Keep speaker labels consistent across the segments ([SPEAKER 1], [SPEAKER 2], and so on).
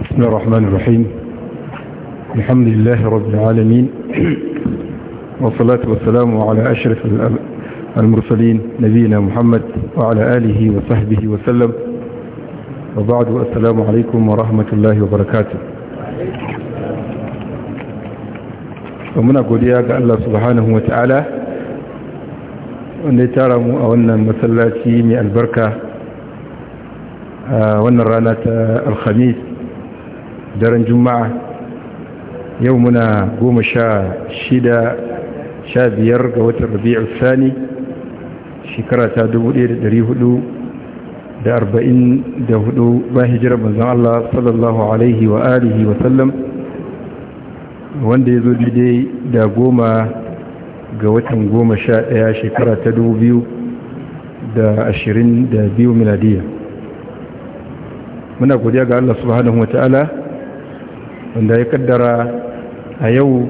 [SPEAKER 1] بسم الله الرحمن الرحيم الحمد لله رب العالمين والصلاة والسلام على أشرف المرسلين نبينا محمد وعلى آله وصحبه وسلم وبعد السلام عليكم ورحمة الله وبركاته ومن أقول يا الله سبحانه وتعالى wanda ya tara mu a wannan masallaci mai albarka a wannan rana ta alhamis daren juma'a yau muna goma sha shida sha biyar ga watan rabi'u sani shekara ta hudu ba arba'in da Allah sallallahu alaihi wa alihi wa sallam wanda ya zo daidai da goma ga watan goma sha ɗaya shekara ta dubu biyu da ashirin da biyu miladiya muna godiya ga Allah subhanahu wa ta'ala wanda ya kaddara a yau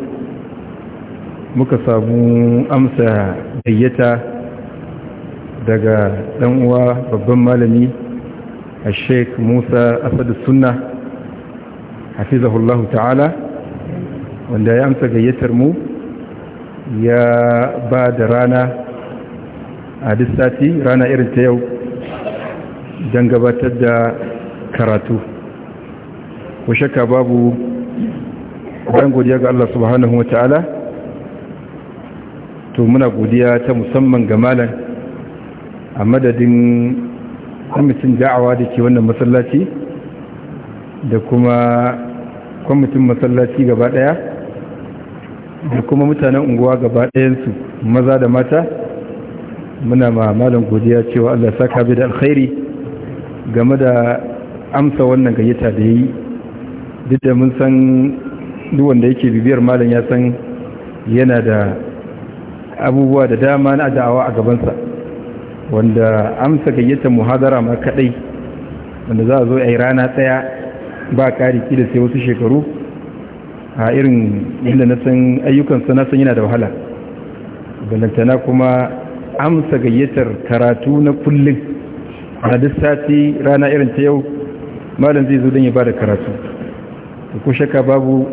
[SPEAKER 1] muka samu amsa gayyata daga ɗan uwa babban malami a sheik musa asadu sunna hafizahullahu ta'ala wanda ya amsa gayyatar mu ya ba da rana a duk sati rana irin ta yau don gabatar da karatu ku shakka babu bayan godiya ga Allah subhanahu wa ta'ala to muna godiya ta musamman ga malam a madadin kwamitin da'awa da ke wannan masallaci da kuma kwamitin masallaci gaba ɗaya. da kuma mutanen unguwa gaba ɗayansu maza da mata muna ma malam godiya cewa Allah saka bi da alkhairi game da amsa wannan gayyata da yi duk da mun san duk wanda yake bibiyar malam ya san yana da abubuwa da dama na da'awa a gabansa wanda amsa gayyata muhadara ma kadai wanda za a zo a yi rana tsaya ba kari da sai wasu shekaru a irin inda na san ayyukansa na san yana da wahala balantana kuma amsa gayyatar karatu na kullum a duk sati rana irin ta yau malam zai zo don ya bada karatu da ko shaka babu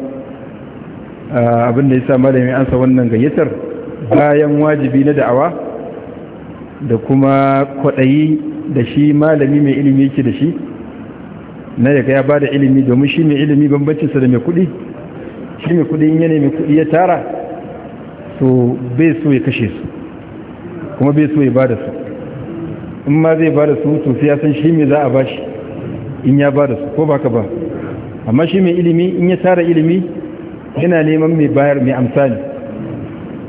[SPEAKER 1] abinda ya sa ya ansa wannan gayyatar bayan wajibi na da'awa da kuma kwaɗayi da shi malami mai ilimi yake da shi na yaga ya bada ilimi domin shi mai ilimi bambancinsa da mai kuɗi shi mai kudin ya nemi kudi ya tara to bai so ya kashe su kuma bai so ya ba da su in ma zai ba da su to sai ya san shi mai za a bashi in ya ba da su ko baka ba amma shi mai ilimi in ya tara ilimi yana neman mai bayar mai amsa ne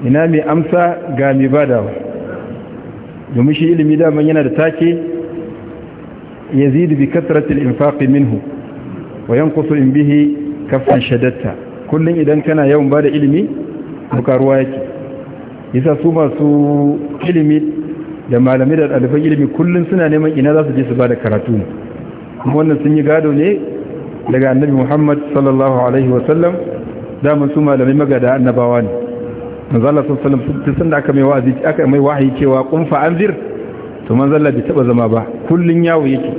[SPEAKER 1] ina mai amsa ga mai badawa domin shi ilimi daman yana da take yazidu bi kasratil infaqi minhu wa yanqusu in bihi kaffan shadatta kullum idan kana yawan ba da ilimi ruwa yake yasa su masu ilimi da malami da ɗaliban ilimi kullum suna neman ina za su je su ba da karatu kuma wannan sun yi gado ne daga annabi muhammad sallallahu alaihi wasallam daman su malamai magada annabawa ne manzala sallallahu alaihi sun da aka mai wazi aka mai wahayi cewa kun fa anzir to manzala bai taba zama ba kullun yawo yake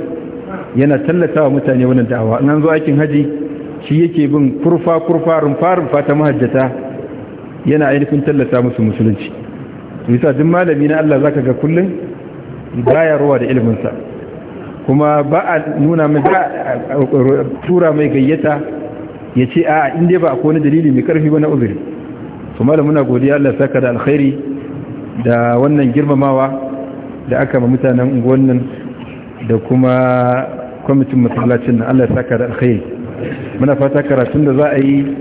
[SPEAKER 1] yana tallata wa mutane wannan da'awa nan zo aikin haji shi yake bin kurfa kurfa rumfa rumfa ta mahajjata yana ainihin tallata musu musulunci bisa duk malami na Allah zaka ga kullun baya ruwa da iliminsa kuma ba a nuna mai ba tura mai gayyata ya ce a inda ba ko wani dalili mai karfi ba na uzuri su malam na godiya Allah saka da alkhairi da wannan girmamawa da aka ma mutanen unguwannin da kuma kwamitin masallacin Allah saka da alkhairi muna fata karatun da za a yi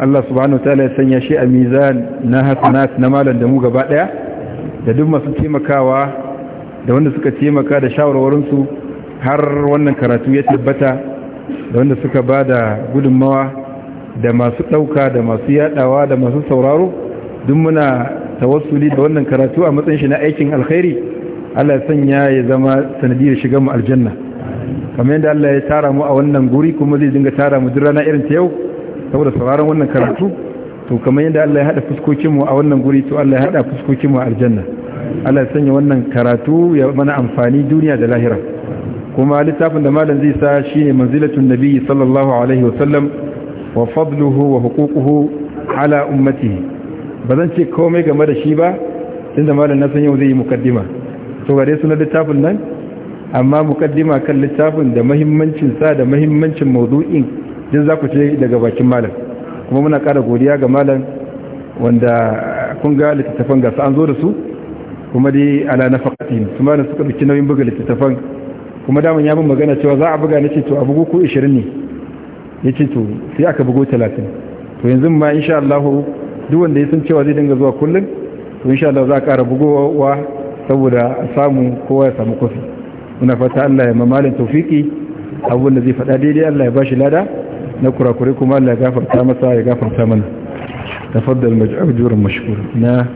[SPEAKER 1] Allah subhanahu ta'ala ya sanya shi a mizan na hasanat na malam da mu gaba daya da duk masu taimakawa da wanda suka taimaka da shawarwarinsu har wannan karatu ya tabbata da wanda suka ba da gudunmawa da masu ɗauka da masu yadawa da masu sauraro duk muna tawassuli da wannan karatu a matsayin shi na aikin alkhairi Allah ya sanya ya zama sanadiyar shigar mu aljanna kamar yadda Allah ya tara mu a wannan guri kuma zai dinga tara mu rana irin ta yau saboda sauraron wannan karatu to kamar yadda Allah ya hada fuskokin mu a wannan guri to Allah ya hada fuskokin mu a aljanna Allah ya sanya wannan karatu ya mana amfani duniya da lahira kuma littafin da malam zai sa shine manzilatun nabi sallallahu alaihi wa sallam wa fadluhu wa huququhu ala ummatihi bazan ce komai game da shi ba tunda malam na san yau zai yi mukaddima to gare su na littafin nan amma mukaddima kan littafin da mahimmancin sa da mahimmancin maudu'in duk za ku ce daga bakin malam kuma muna ƙara godiya ga malam wanda kun ga littattafan gasa an zo da su kuma dai ala na faƙatin su ma da suka ɗauki nauyin buga littattafan kuma daman ya bin magana cewa za a buga na ce to a bugu ko 20 ne ya ce to sai aka bugo 30 to yanzu ma insha Allah duk wanda ya san cewa zai dinga zuwa kullum to insha Allah za a ƙara bugowa saboda a samu kowa ya samu kofi muna fata Allah ya mamalin taufiki abun da zai fada daidai Allah ya bashi lada na kurakure kuma Allah ya gafarta masa ya gafarta mana tafaddal maj'ur mashkur na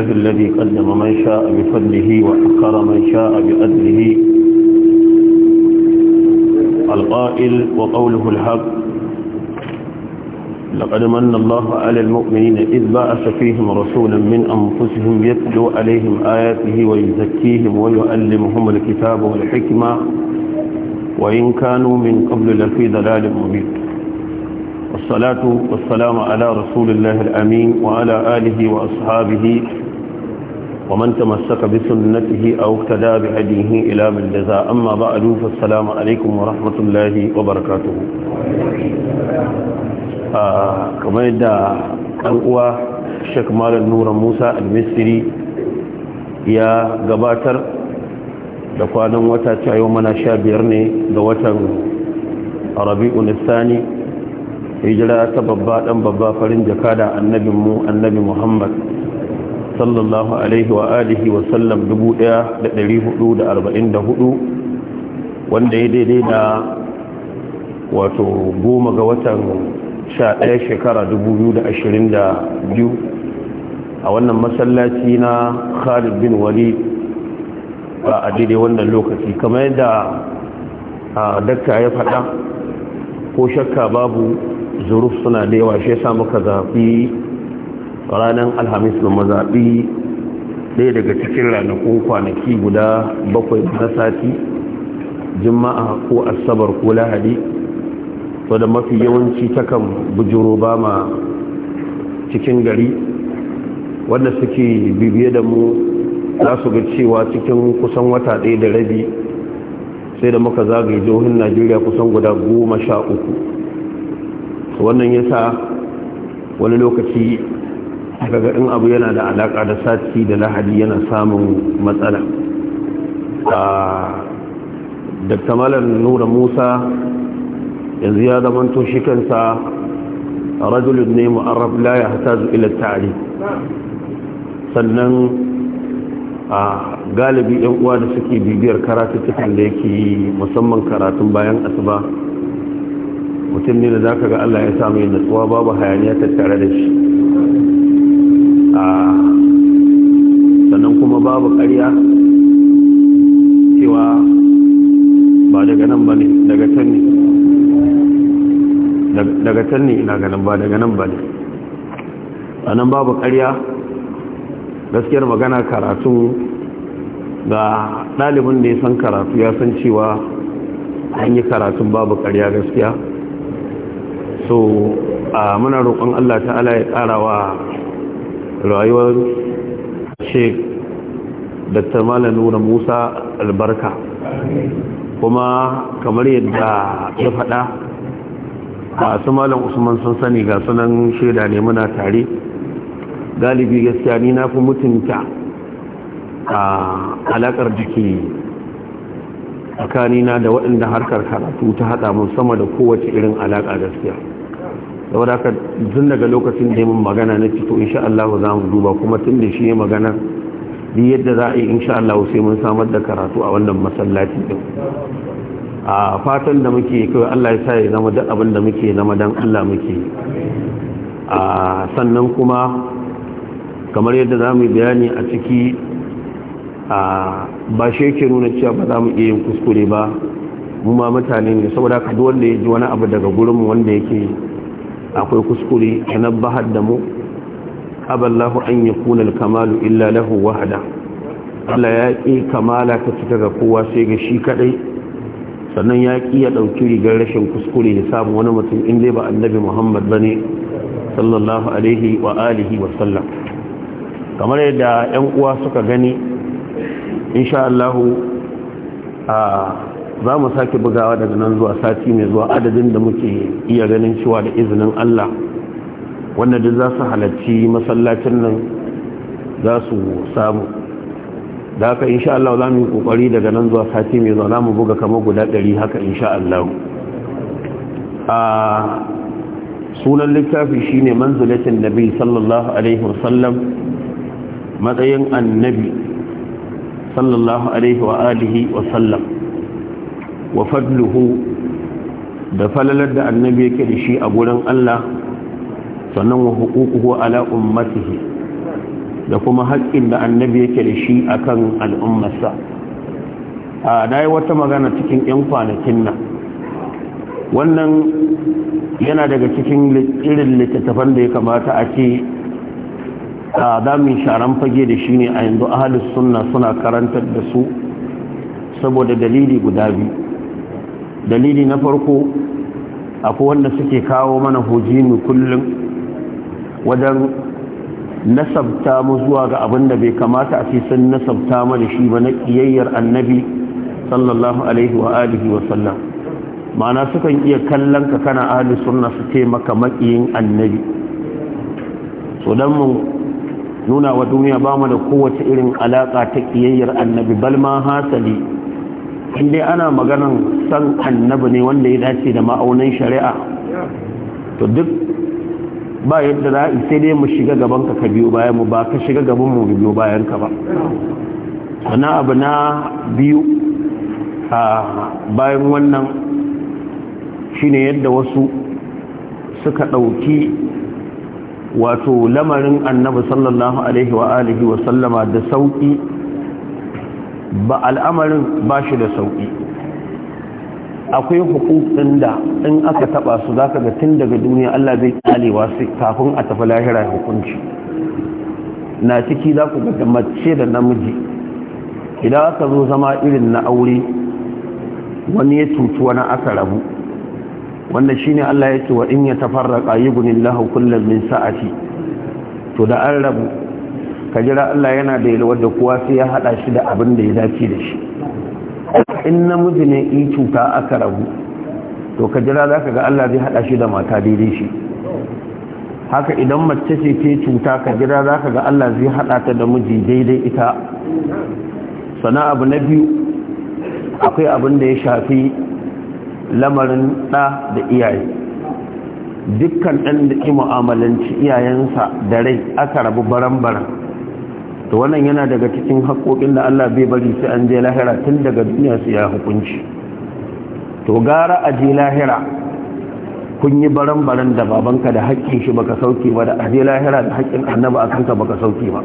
[SPEAKER 2] لله الذي قدم من شاء بفضله وأخر من شاء بأدله القائل وقوله الحق لقد من الله على المؤمنين إذ بعث فيهم رسولا من أنفسهم يتلو عليهم آياته ويزكيهم ويعلمهم الكتاب والحكمة وإن كانوا من قبل لفي ضلال مبين والصلاة والسلام على رسول الله الأمين وعلى آله وأصحابه ومن تمسك بسنته أو اقتدى بهديه إلى من جزاء أما بعد فالسلام عليكم ورحمة الله وبركاته آه كما يدى القوى الشيخ مال نور موسى المصري يا قباتر دقوانا وتا يومنا شابيرني دوتا ربيع الثاني hijira ta babba dan babba farin jaka da annabinmu annabi muhammad sallallahu alaihi wa alihi wa sallam 1444 wanda ya daidai da wato goma ga watan 11 shekara 2022 a wannan masallaci na Khalid bin wali ba a daidai wannan lokaci kamar yadda a dakka ya fada ko shakka babu zuruf suna da yawa shi ya samu ka zafi ranar alhamis da mazaɓi ɗaya daga cikin ranakun kwanaki guda bakwai na sati Juma'a ko asabar ko lahadi to mafi yawanci takan bujuro ba ma cikin gari wanda suke bibiye da mu za su ga cewa cikin kusan wata ɗaya da rabi sai da muka zagaye jihohin najeriya kusan guda goma sha uku wannan ya sa wani lokaci daga in abu yana da alaka da sati da lahadi yana samun matsala da tamalar nura musa yanzu ya zamanto shi kansa rajulun ne mu'arraf la ya hata ila tare sannan a galibi yan uwa da suke bibiyar karatuttukan da yake yi musamman karatun bayan asuba mutum ne da zaka ga Allah ya samu yin nutsuwa babu hayaniya ta tare da shi babu ƙarya cewa ba daga nan ba ne daga can ne daga can ne ina ganin ba daga nan ba ne a nan babu ƙarya gaskiyar magana karatu ga ɗalibin da ya san karatu ya san cewa an yi karatun babu ƙarya gaskiya so a muna roƙon allah ta'ala ya ƙara wa rayuwar shek. dr malam nura musa albarka kuma kamar yadda ya fada a su malam usman sun sani ga sunan shaida ne muna tare galibi gaskiya ni na fi mutunta a alakar jiki tsakanina da waɗanda harkar karatu ta haɗa mun sama da kowace irin alaka gaskiya da wadaka tun daga lokacin da yi magana na fito insha Allah za mu duba kuma tun da shi magana ni yadda za a yi insha Allah sai mun samar da karatu a wannan masallaci din a fatan da muke kawai Allah ya sa ya zama duk abin da muke zama madan Allah muke a sannan kuma kamar yadda za mu yi bayani a ciki a ba shi yake nuna cewa ba za mu iya yin kuskure ba mu ma mutane ne saboda ka duk wanda ya ji wani abu daga gurin mu wanda yake akwai kuskure ya nabbahar da mu أبى الله أن يكون kamalu إلا wahada. وحده Allah ya ƙi kamala ta cika ga kowa sai ga shi kaɗai sannan ya ƙi ya ɗauki rigar rashin kuskure ya samu wani mutum in dai ba annabi Muhammad ba ne sallallahu alaihi wa alihi wa sallam kamar yadda 'yan uwa suka gani insha Allah za mu sake bugawa daga nan zuwa sati mai zuwa adadin da muke iya ganin cewa da izinin Allah wanda duk za su halarci masallacin nan za su samu da haka insha Allah za mu yi kokari daga nan zuwa sati mai zuwa mu buga kamar guda ɗari, haka insha Allah a sunan littafi shine manzilatin nabi sallallahu alaihi wasallam matsayin annabi sallallahu alaihi wa alihi wasallam wa fadluhu da falalar da annabi yake da shi a gurin Allah sannan wa hukuku ala ummatihi da kuma haƙƙin da annabi yake da shi a kan al'ummarsa a na yi wata magana cikin 'yan kwanakin nan wannan yana daga cikin irin littattafan da ya kamata a ce a damin sharan fage da shi ne a yanzu ahalus sunna suna karantar da su saboda dalili guda biyu dalili na farko akwai wanda suke kawo mana hujjini kullum wajen nasabta mu zuwa ga abin da bai kamata a ce sun nasabta mu da shi ba na kiyayyar annabi sallallahu alaihi wa alihi wa sallam ma'ana sukan iya kallon ka kana ahli sunna su ce maka makiyin annabi so dan mu nuna wa duniya ba mu da kowace irin alaƙa ta ƙiyayyar annabi bal ma hasali in ana maganan san annabi ne wanda ya dace da ma'aunin shari'a to duk ba yadda za a sai dai mu shiga gaban ka ka biyo bayan mu ba ka shiga gaban mu biyo bayan ka ba wannan abu na biyu a bayan wannan shine yadda wasu suka ɗauki wato lamarin annabi sallallahu alaihi wa alihi wa sallama da sauƙi ba al'amarin ba shi da sauƙi akwai hukukun da in aka taba su zaka ga tun daga duniya Allah zai kalewa su kafin a tafi lahira hukunci na ciki za ku ga mace da namiji idan aka zo zama irin na aure wani ya cuci wani aka rabu wanda shine Allah ya ce wa in ya tafarraqa yughnillahu kullum min sa'ati to da an rabu ka jira Allah yana da yalwar da kowa sai ya hada shi da abin da ya dace da shi in namiji ne in cuta aka rabu to ka jira za ka ga Allah zai haɗa shi da mata daidai shi haka idan mace ce ke cuta ka jira za ka ga Allah zai haɗa ta da miji daidai ita sana abu na biyu akwai abin da ya shafi lamarin ɗa da iyaye dukkan ɗan da ke mu'amalanci iyayensa da rai aka rabu baran-baran to wannan yana daga cikin haƙoƙin da Allah bai bari sai an je lahira tun daga duniya su ya hukunci to gara a je lahira kun yi baran-baran da babanka da haƙƙin shi baka sauke ba da a je lahira da haƙƙin annaba a kanka baka sauke ba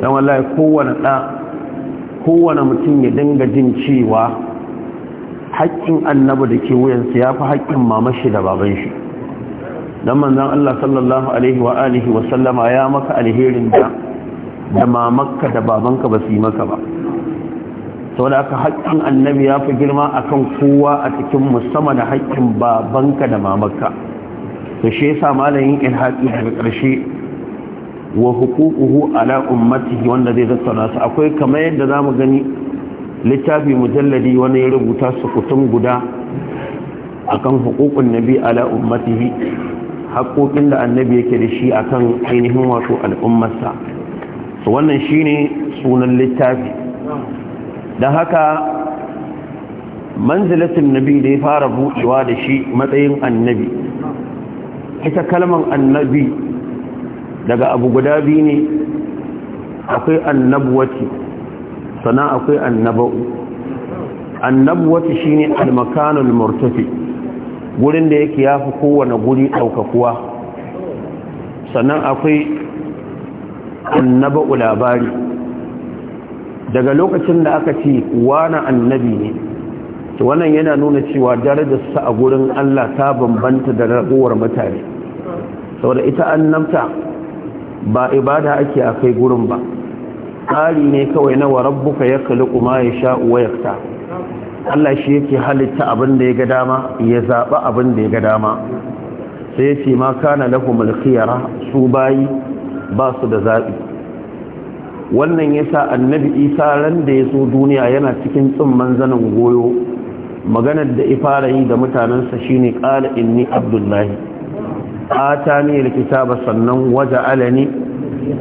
[SPEAKER 2] don wallahi kowane ɗa kowane mutum ya dinga jin cewa haƙƙin annaba da ke wuyansa ya fi haƙƙin mamashi da baban shi don manzan Allah sallallahu alaihi wa alihi wa sallama ya maka alherin da da mamakka da babanka ba su yi maka ba sau da aka haƙƙin annabi ya fi girma a kan kowa a cikin musamman da haƙƙin babanka da mamakka da shi yasa malayin ilhaƙi daga ƙarshe wa hukukuhu ala ummatihi wanda zai tattauna su akwai kamar yadda za mu gani littafi mujalladi wani ya rubuta su kutum guda kan hukukun nabi ala ummatihi haƙoƙin da annabi yake da shi akan ainihin wato al'ummarsa to wannan shine sunan littafi don haka manzilatin nabi da ya fara buɗewa da shi matsayin annabi ita kalman annabi daga abu guda biyu ne akwai annabuwati sannan akwai annaba'u shi shine almakanul murtafi gurin da yake fi kowane guri ɗaukakuwa sannan akwai annaba'u labari daga lokacin da aka ce wani annabi ne to wannan yana nuna cewa darajar darajarsa a gurin Allah ta bambanta da ragowar mutane saboda ita annabta ba ibada ake a kai gurin ba tsari ne kawai na wa rabbuka ya kalli ma ya sha uwa yakta Allah shi yake halitta abin da ya ga dama ya zaɓa abin da ya ga dama sai ya ce ma kana lahumul khiyara su bayi ba su da zaɓi wannan ya sa annabi isa ran da ya so duniya yana cikin tsimman zanen goyo maganar da ifara yi da mutanensa shi shine ƙala inni abdullahi ata ne ba sannan waje alani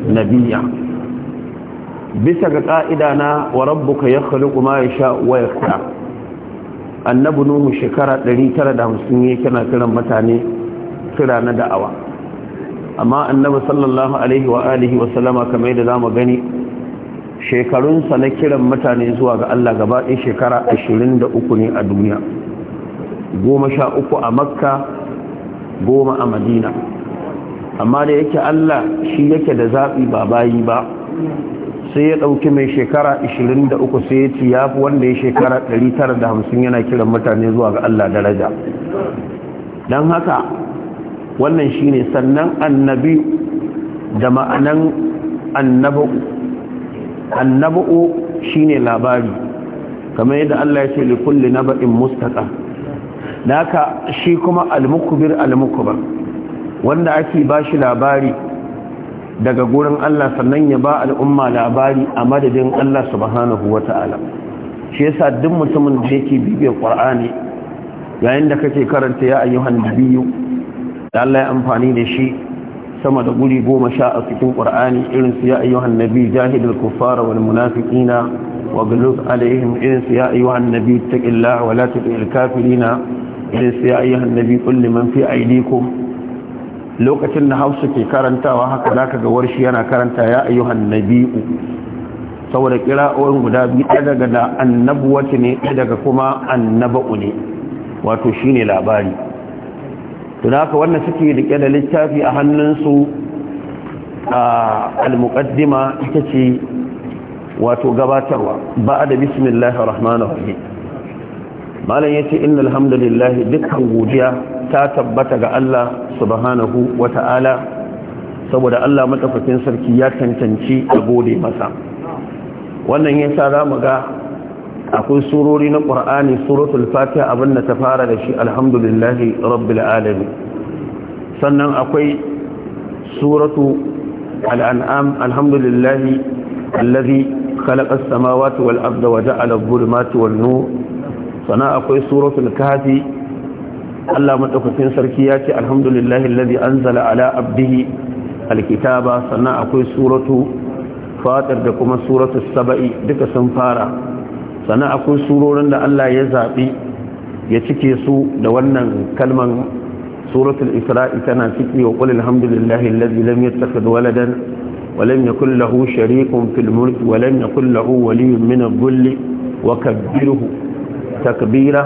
[SPEAKER 2] nabiya bisa ga ƙa'ida na wa rabbuka ya kuma ya sha wa yakhtar annabi nuhu shekara 950 ya kira kiran mutane kira na da'awa amma annabi sallallahu alaihi wa alihi wa sallama kamar yadda zamu gani shekarunsa na kiran mutane zuwa ga Allah gaba ɗaya shekara 23 ne a duniya goma a makka goma a madina amma da yake Allah shi yake da zaɓi ba bayi ba sai ya ɗauki mai shekara 23 sai ya ci ya fi wanda ya shekara 950 yana kiran mutane zuwa ga Allah daraja don haka wannan shine sannan annabi da ma'anan annabu annabu shine labari kamar yadda Allah ya ce li kulli naba'in mustaqa naka shi kuma al-mukbir al-mukbar wanda ake ba shi labari daga gurin Allah sannan ya ba al'umma labari a madadin Allah subhanahu wata'ala shi yasa duk mutumin da yake bibiyar Qur'ani yayin da kake karanta ya ayyuhan nabiyyu da Allah ya amfani da shi sama da guri goma sha a cikin ƙwar'ani irin su ya ayyuhan nabi jahidul kufara wani munafikina wa gulus alaihim irin su ya ayyuhan nabi taqillah wa la tuti'il kafirina irin su ya ayyuhan nabi qul man fi aydikum lokacin da Hausa ke karantawa haka za ka ga warshi yana karanta ya ayyuhan nabi saboda kira'o'in guda biyu ɗaya daga da annabuwa ne daga kuma annaba'u ne wato shine labari to da haka wannan suke rike da littafi a hannunsu a al-muqaddima ita ce wato gabatarwa ba da bismillahir rahmanir rahim malam yace innal hamdalillah dukkan godiya ta tabbata ga Allah subhanahu wata'ala saboda Allah madaukakin sarki ya tantance a gode masa wannan yasa zamu ga akwai surori na ƙwar'ani suratul fatiha abin da ta fara da shi alhamdulillahi rabbil alamin sannan akwai suratu al'an'am alhamdulillahi allazi khalaqa as-samawati wal arda wa ja'ala adh-dhulumati wan nur sannan akwai suratul kahfi Allah madaukakin sarki ya ce alhamdulillahi allazi anzala ala abdihi alkitaba sannan akwai suratu fatir da kuma suratu saba'i duka sun fara sannan akwai surorin da Allah ya zaɓi ya cike su da wannan kalman suratul isra'i tana ciki wa qul alhamdulillahi alladhi lam yattakhidh waladan wa ya yakul lahu sharikun fil mulk wa lam yakul lahu waliyyun min adh wa kabbirhu takbira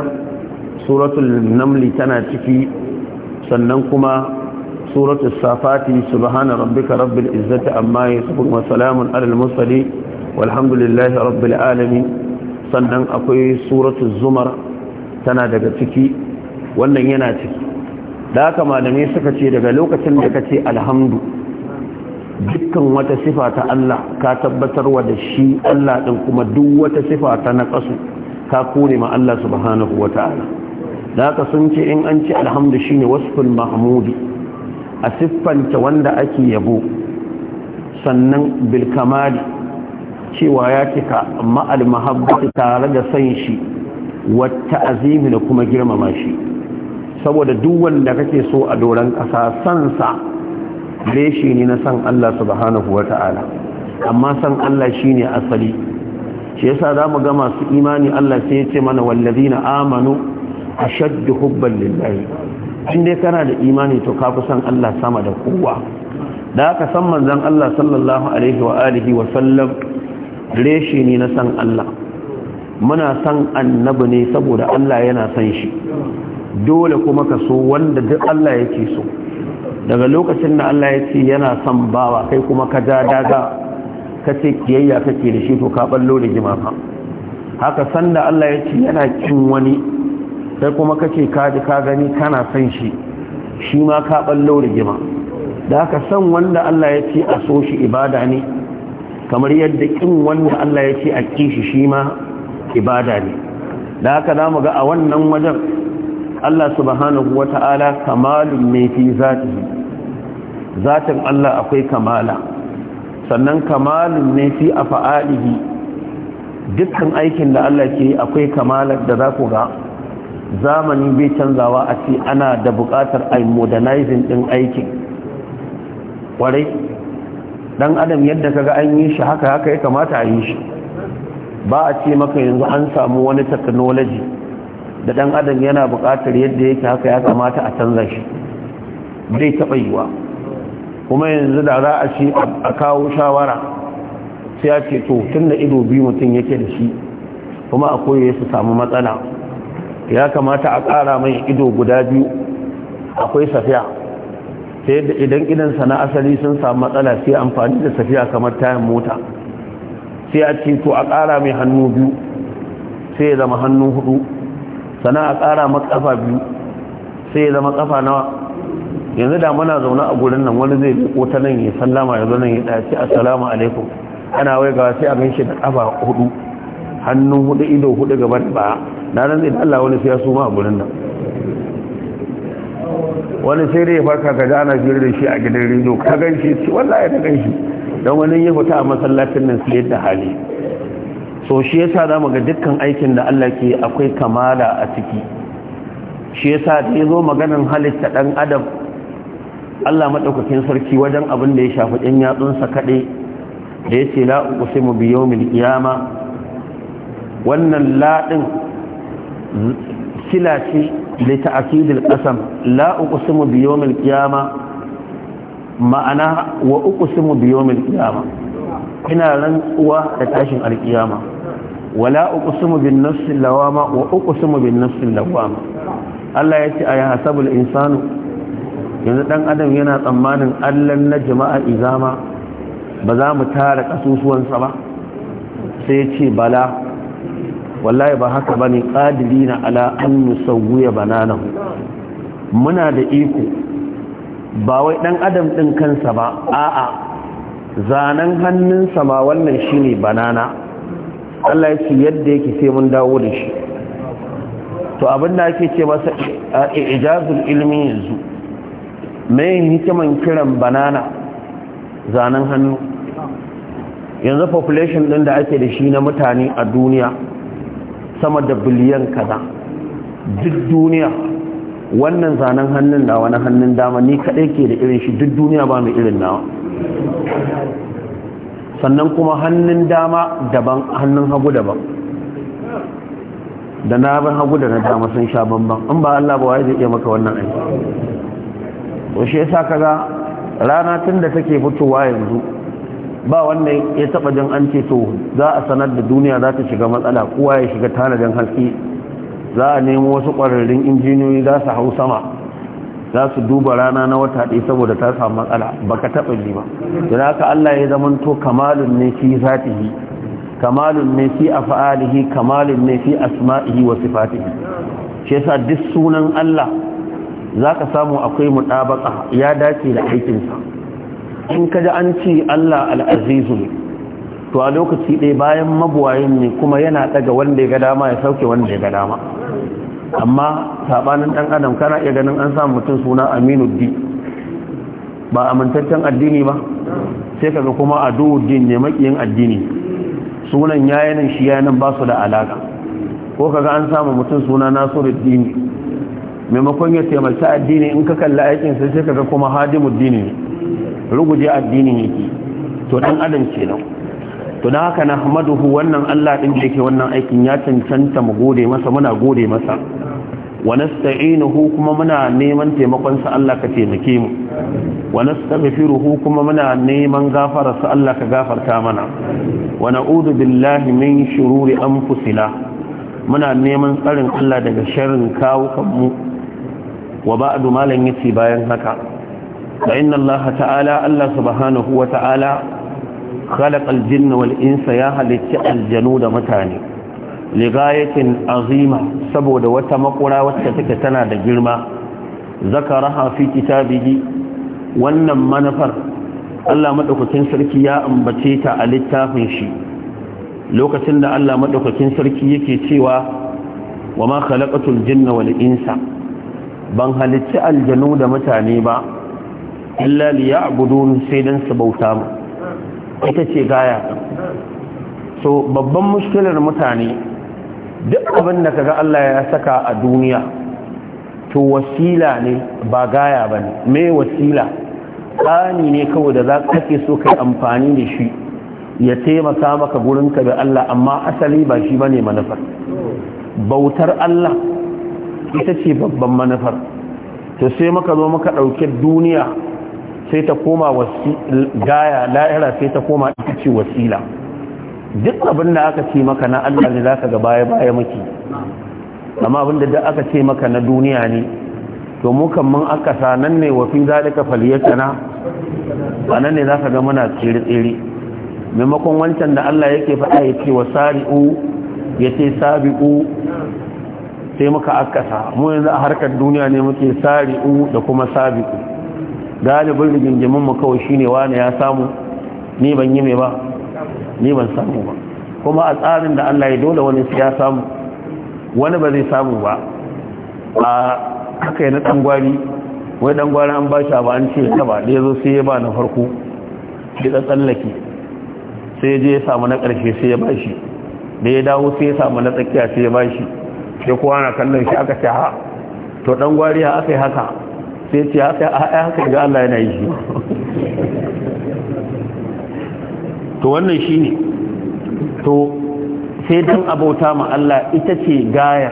[SPEAKER 2] suratul Namli tana ciki sannan kuma سورة الصافات سبحان ربك رب العزة amma ya وسلام على alal musali, لله رب العالمين sannan akwai suratu zumar tana daga ciki wannan yana ciki da haka malamai suka ce daga lokacin da kace alhamdu dukkan wata sifa ta Allah ka tabbatarwa da shi Allah din kuma duk wata sifa ta naqasu ka kore ma Allah subhanahu ta'ala. da haka sun ce in an ce alhamdu shine wasu mahmudi a siffanta wanda ake yabo sannan bil kamali cewa ya cika amma almahabbati tare da san shi wata azimi da kuma girmama shi saboda duk wanda kake so a doron ƙasa san sa reshi ne na san Allah subhanahu ta'ala. amma san Allah shine asali shi yasa zamu ga masu imani Allah sai ya ce mana wallazina amanu ashaddu hubban lillahi in dai kana da imani to ka san Allah sama da kowa da aka san manzon Allah sallallahu alaihi wa alihi wa sallam reshe ne na san Allah muna san annabi ne saboda Allah yana san shi dole kuma ka so wanda duk Allah yake so daga lokacin da Allah ya ce yana son bawa kai kuma ka ja daga ka ce kiyayya kake da shi to ka ballo da jimaka haka sanda Allah ya ce yana kin wani sai kuma kace ka ji ka gani kana san shi shi ma ka ballo da jima da haka san wanda Allah ya ce a so shi ibada ne kamar yadda kin wanda Allah ya ce a kishi shi ma ibada ne da haka za mu ga a wannan wajen Allah subhanahu wa ta'ala kamalun ne fi zatin Allah akwai kamala sannan kamalun ne fi afa'alihi dukkan aikin da Allah ke akwai kamalar da za ku ga Zamanin bai canzawa a ce ana da buƙatar a modernizing din aikin Ƙwarai. dan adam yadda kaga an yi shi haka haka ya kamata a yi shi ba a ce maka yanzu an samu wani technology da dan adam yana buƙatar yadda yake haka ya kamata a canza shi bai taɓa yiwa kuma yanzu da za a ce a kawo shawara sai a ce to tun da ido biyu mutum yake da shi kuma a koyo su samu matsala ya kamata a ƙara mai ido guda biyu akwai safiya sai yadda idan idan na asali sun samu matsala sai amfani da tafiya kamar tayan mota sai a ce to a ƙara mai hannu biyu sai ya zama hannu hudu sana a ƙara makafa biyu sai ya zama kafa nawa yanzu da muna zaune a gurin nan wani zai ko ta nan ya sallama ya zo nan ya dace assalamu alaikum ana wai ga sai a ganshi da kafa hudu hannu hudu ido hudu gaban ba na nan zai Allah wani sai ya suma a gurin nan wani sai dai farka ka ana fiye da shi a gidan rediyo ka gan shi ci ya ta gan shi don wani ya fita a masallacin nan su yadda hali so shi yasa za mu ga dukkan aikin da Allah ke akwai kamala a ciki shi sa da ya zo maganin halitta ɗan adam Allah maɗaukakin sarki wajen abin da ya shafi ɗin yatsunsa kaɗai da ya ce la'u mu biyo wannan laɗin sila ce لتأكيد القسم لا أقسم بيوم القيامة معنى وأقسم بيوم القيامة هنا رنقوة لتعشم القيامة ولا أقسم بالنفس اللوامة وأقسم بالنفس اللوامة الله يتي أيحسب الإنسان yanzu dan adam yana tsammanin allan na jama'a izama ba za mu tara kasusuwansa ba sai ce bala wallahi ba haka ba ne ƙadirina ala an nusawuya banana. muna da iko ba wai ɗan adam ɗin kansa ba a'a zanen hannunsa ma wannan shi ne banana Allah ya ce yadda yake sai mun dawo da shi to abin da ake ce masa ijazul ilmi yanzu mai hikiman kiran banana zanen hannu yanzu population ɗin da ake da shi na mutane a duniya sama da biliyan kaza duk duniya wannan zanen hannun na wani hannun dama ni kaɗai ke da irin shi duk duniya ba mai irin nawa sannan kuma hannun dama daban hannun hagu daban da na ban hagu da na dama sun sha bambam in ba Allah ba wai zai iya maka wannan aiki to ya sa kaga rana tun da take fitowa yanzu ba wanda ya taba jan an ce to za a sanar da duniya za ta shiga matsala kowa ya shiga tanadin haske za a nemo wasu ƙwararrun injiniyoyi za su hau sama za su duba rana na wata ɗaya saboda ta samu matsala ba ka taɓa ji ba don haka Allah ya zama to kamalun ne fi zatihi kamalun ne fi afa'alihi kamalun ne fi asma'ihi wa sifatihi shi yasa duk sunan Allah zaka samu akwai mudabaka ya dace da aikinsa in ka ji an ce Allah al'azizu ne to a lokaci ɗaya bayan mabuwayin ne kuma yana ɗaga wanda ya ga dama ya sauke wanda ya ga dama amma saɓanin ɗan adam kana iya ganin an samu mutum suna aminu di. ba amintaccen addini ba sai kaga kuma aduwuddin ne makiyin addini sunan yayanin shi yayanin ba su da alaka ko kaga an samu mutum suna dini maimakon ya taimaki addini in ka kalla aikinsa sai ka kaga kuma hadimuddin ne ruguje addinin yake to dan adam kenan to dan haka nahmaduhu wannan Allah din da yake wannan aikin ya cancanta mu gode masa muna gode masa wa nasta'inuhu kuma muna neman taimakon sa Allah ka taimake mu wa nastaghfiruhu kuma muna neman gafara sa Allah ka gafarta mana wa na'udhu billahi min shururi anfusina muna neman tsarin Allah daga sharrin kawo kanmu wa ba'du malan yace bayan haka فإن الله تعالى الله سبحانه وتعالى خلق الجن والإنس يا هلتع الجنود متاني لغاية عظيمة سبود وتمقرى وتتكتنا دجرما ذكرها في كتابه wannan manufar Allah madaukakin sarki ya ambace ta a littafin shi lokacin da Allah madaukakin sarki yake cewa wa ma khalaqatul jinna wal insa ban halicci aljanu da mutane ba illa li ya'budun sai dan su bauta mu ita ce gaya so babban mushkilar mutane duk abin da kaga Allah ya saka a duniya to wasila ne ba gaya bane me wasila tsani ne kawai da za ka so kai amfani da shi ya taimaka maka gurin ka da Allah amma asali ba shi bane manufar bautar Allah ita ce babban manufar to sai maka zo maka ɗauke duniya sai ta koma gaya la'ira sai ta koma ita ce wasila duk abin da aka ce maka na Allah ne zaka ga baya baya maki amma abin da aka ce maka na duniya ne to mu kan mun aka sanan ne wa fi zalika falyatana anan ne zaka ga muna tsiri tsiri maimakon wancan da Allah yake faɗa ya ce wasari'u ya ce sabi'u sai muka akasa mu yanzu a harkar duniya ne muke sari'u da kuma sabi'u galibin rigingimin mu kawai shine wani ya samu ni ban yi mai ba ni ban samu ba kuma a tsarin da Allah ya dole wani ya samu wani ba zai samu ba a haka yana dan gwari wai dan gwari an ba shi ba an ce ta ba da yazo sai ya ba na farko sai da tsallake sai ya je ya samu na karshe sai ya ba shi da ya dawo sai ya samu na tsakiya sai ya ba shi sai kowa na kallon shi aka ce ha to dan gwari aka yi haka sai ce haka a haka ga Allah yana yi to wannan shi ne to sai don abauta ma Allah ita ce gaya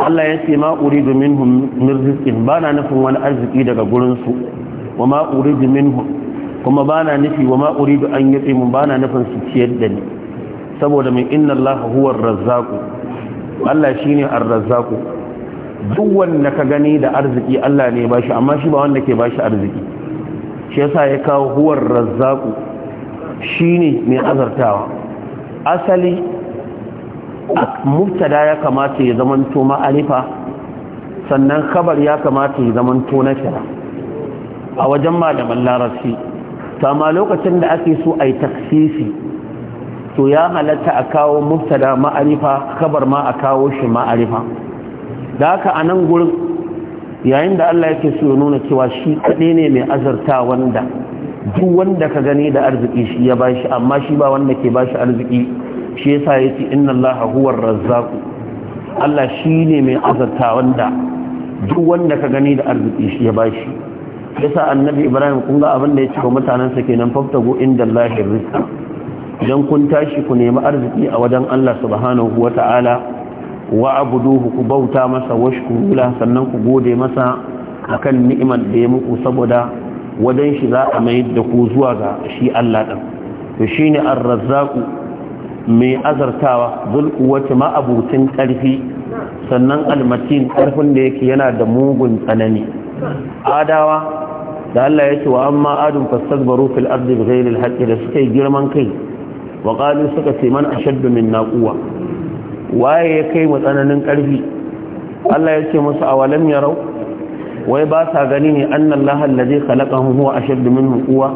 [SPEAKER 2] Allah ya ce ma'uri domin min mirzikin ba na nufin wani arziki daga gurinsu wa ma'uri domin kuma ba na nufi wa ma'uri da an yi tsimin ba na nufin su ciyar da ne saboda mai inna Allah huwar razzaku Allah shi ne razzaku. duk wanda ka gani da arziki Allah ne ba shi amma shi ba wanda ke ba shi arziki shi yasa ya kawo huwar razzaku shi ne mai azartawa asali muftada ya kamata ya zamanto ma'arifa sannan kabar ya kamata ya zamanto na shara a wajen malaman larabci ta ma lokacin da ake so a yi taksisi to ya halatta a kawo muftada ma'arifa kabar ma a kawo shi ma'arifa da haka a nan gurin yayin da Allah yake so ya nuna cewa shi kaɗai ne mai azarta wanda duk wanda ka gani da arziki shi ya bashi amma shi ba wanda ke bashi arziki shi yasa yace inna allaha huwar razzaq Allah shi ne mai azarta wanda duk wanda ka gani da arziki shi ya bashi yasa annabi Ibrahim kun ga abin da ya ce wa mutanansa kenan faftago inda Allahir rizq idan kun tashi ku nemi arziki a wajen Allah subhanahu wata'ala wa abuduhu ku bauta masa washkuru la sannan ku gode masa akan ni'imar da ya muku saboda wajen shi za a mai da ku zuwa ga shi Allah ɗan to shi ne arrazzaku mai azartawa zulkuwata ma'abutin ƙarfi sannan almatin ƙarfin da yake yana da mugun tsanani adawa da Allah ya ce wa amma adun fastagbaru fil ardi bi ghairi da suka yi girman kai wa qalu suka ce man ashaddu minna quwwa waye ya kai mu tsananin ƙarfi Allah ya ce musu ya rau? wai ba sa gani ne zai allazi khalaqahum huwa ashadd minhum quwwa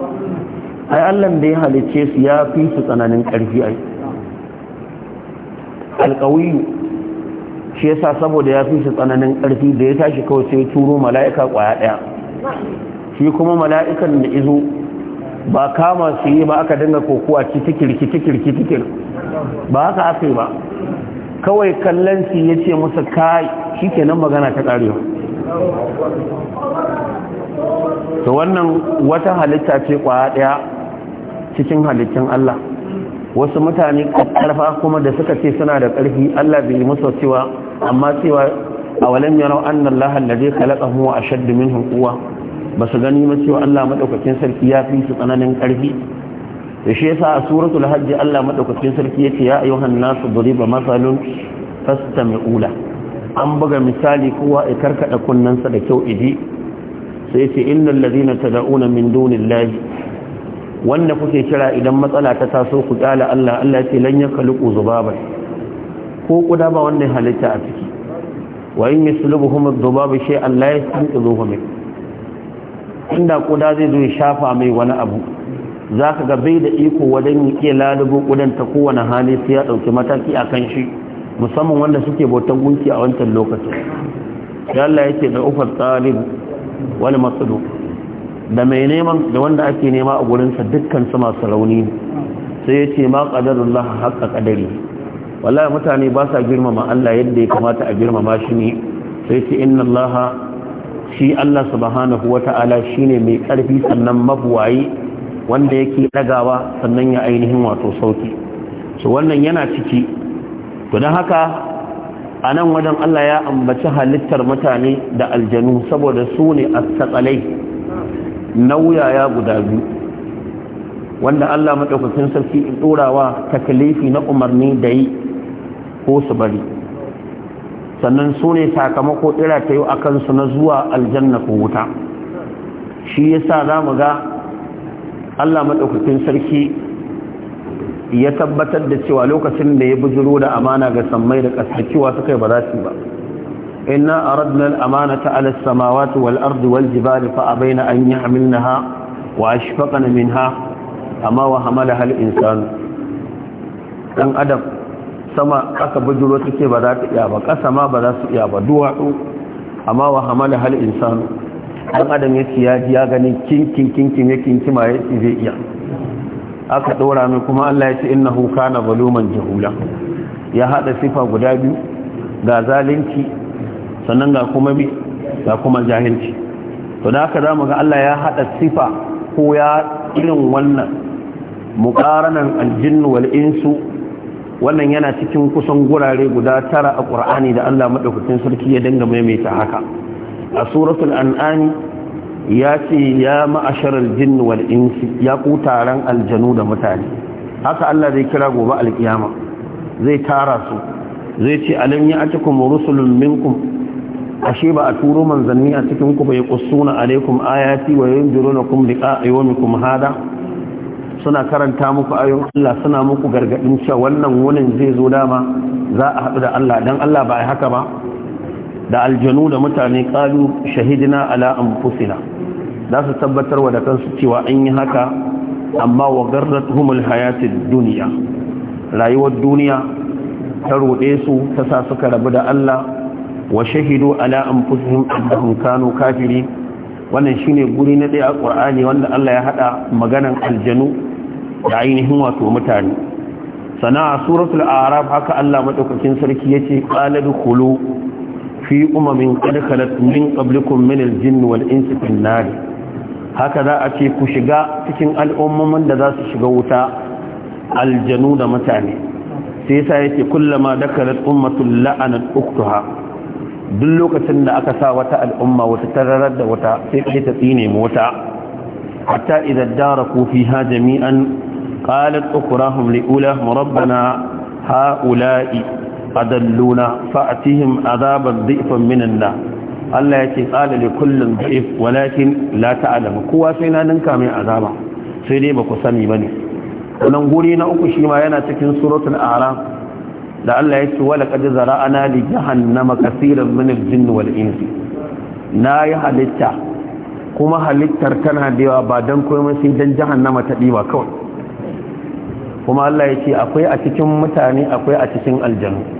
[SPEAKER 2] ai Allah da ya halice su ya fi su tsananin ƙarfi ai alqawi shi yasa saboda ya fi su tsananin ƙarfi da ya tashi kawai sai turo mala'ika kwaya ɗaya. shi kuma mala'ikan da izo ba kama su yi ba aka dinga kokowa ci tikir ki tikir ba haka aka yi ba kawai kallon su ya ce musu kai shi kenan magana ta karewa to wannan wata halitta ce kwaya ɗaya cikin halittun Allah wasu mutane ƙarfa kuma da suka ce suna da karfi Allah bai yi musu cewa amma cewa a walam yarau anna Allah allazi khalaqahu wa minhu quwwa basu gani ma cewa Allah madaukakin sarki ya fi su tsananin ƙarfi da shi yasa a suratul hajji Allah madaukakin sarki yace ya ayyuhan nasu duriba masalun fastami'u la an buga misali kowa ya karkada kunnansa da kyau idi sai yace innal ladina tad'una min dunillahi wanda kuke kira idan matsala ta taso ku tsala Allah Allah yace lan yakhluqu zubaban ko kuda ba wannan halitta a ciki wa in yaslubuhum ad-dhubabu shay'an la yastanqidhuhu inda kuda zai zo shafa mai wani abu za ka ga bai da iko wajen yi ke lalubo ƙudan ta kowane hali sai ya ɗauki mataki a kan shi musamman wanda suke bautan gunki a wancan lokacin yalla yake da ufar tsarin wani matsalo da mai neman da wanda ake nema a gurinsa dukkan su masu rauni sai ya ce ma ƙadarullah haƙa ƙadari wallahi mutane ba sa girmama Allah yadda ya kamata a girmama shi ne sai ce inna Allah shi Allah subhanahu wata'ala shine mai karfi sannan mabuwaye wanda yake ɗagawa sannan ya ainihin wato sauki so wannan yana ciki to don haka a nan wajen Allah ya ambaci halittar mutane da aljanu saboda su ne a tsatsalai nauyaya guda biyu wanda Allah maɗaukakin sarki in ɗorawa takalifi na umarni da yi ko su bari sannan su ne sakamako ɗira ta yi a kansu na zuwa aljanna ko wuta shi yasa za mu ga Allah maɗaukakin sarki ya tabbatar da cewa lokacin da ya bujiro da amana ga sammai da ƙasarkiwa suka yi ba za su ba inna aradna al-amanata ala as-samawati wal ardi wal jibali fa abaina an yi na ha wa ashfaqna ha amma wa hamalaha al-insan ɗan adam sama ƙasa bujiro suke ba za ta iya ba ƙasa ma ba za su iya ba duwatsu amma wa hamalaha al-insan dan adam ya ci ya ji ya gani kinkin kinkin ya ma ya ci zai iya aka ɗora mai kuma Allah ya ce innahu kana zaluman jahula ya haɗa sifa guda biyu ga zalunci sannan ga kuma bi ga kuma jahilci to da haka zamu ga Allah ya haɗa sifa ko ya irin wannan muqaranan aljin wal insu wannan yana cikin kusan gurare guda tara a Qur'ani da Allah madaukakin sarki ya dinga maimaita haka a suratul an'ami ya ce ya ma'asharar jinn wal insi ya ku taron aljanu da mutane haka Allah zai kira gobe alkiyama zai tara su zai ce alam ya atikum rusulun minkum ashe ba a turo manzanni a cikin ku bai qussuna alaikum ayati wa yunzirunakum liqa yawmikum hada suna karanta muku ayoyin Allah suna muku gargadin cewa wannan wunin zai zo dama za a haɗu da Allah dan Allah ba ai haka ba da aljanu da mutane kalu shahidina ala anfusina za su tabbatar wa da kansu cewa an yi haka amma wa garrat humul hayatid duniya rayuwar duniya ta roɗe su ta sa suka rabu da Allah wa shahidu ala anfusihim annahum kanu kafiri wannan shine guri na ɗaya a Qur'ani wanda Allah ya hada maganan aljanu da ainihin wato mutane sana'a suratul a'raf haka Allah madaukakin sarki yace qala dukhulu fi umamin qad khalat min qablikum min al wal insi fi nar haka za a ce ku shiga cikin al'ummomin da za su shiga wuta aljanu da mutane sai yasa yake kullama dakalat ummatul la'anat uktuha duk lokacin da aka sa wata al'umma wata tararar da wata sai ta tsine mu wata hatta idan daraku ha jami'an qalat ukrahum liulahum rabbana ha'ula'i adalluna fa'atihim azaban dhi'fan minan da. Allah yake qala li kullin dhi'f walakin la ta'lamu kowa sai na ninka mai azaba sai dai baku sani bane wannan guri na uku shi ma yana cikin suratul a'raf da Allah yake wala qad zara'ana li jahannama kaseeran min al-jinni wal insi na yi halitta kuma halittar tana da yawa ba don komai sai don jahannama ta ɗiba kawai kuma Allah ya ce akwai a cikin mutane akwai a cikin aljanu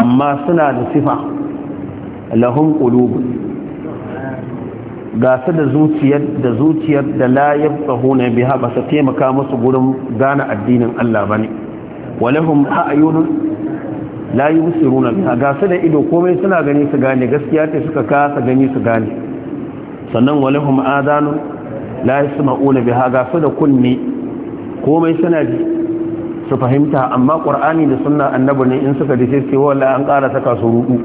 [SPEAKER 2] amma suna da sifa lahum qulubun ga su da zuciyar da zuciyar da la yafqahuna biha ba su taimaka musu gurin gane addinin Allah ba bane walahum a'yunun la yubsiruna biha ga su da ido komai suna gani su gane gaskiya ta suka kasa gani su gane sannan walahum adanun la yasma'una biha ga su da kunne komai suna ji su fahimta amma ƙur'ani da sunna annabu ne in suka dace sai wallahi an ƙara saka su rudu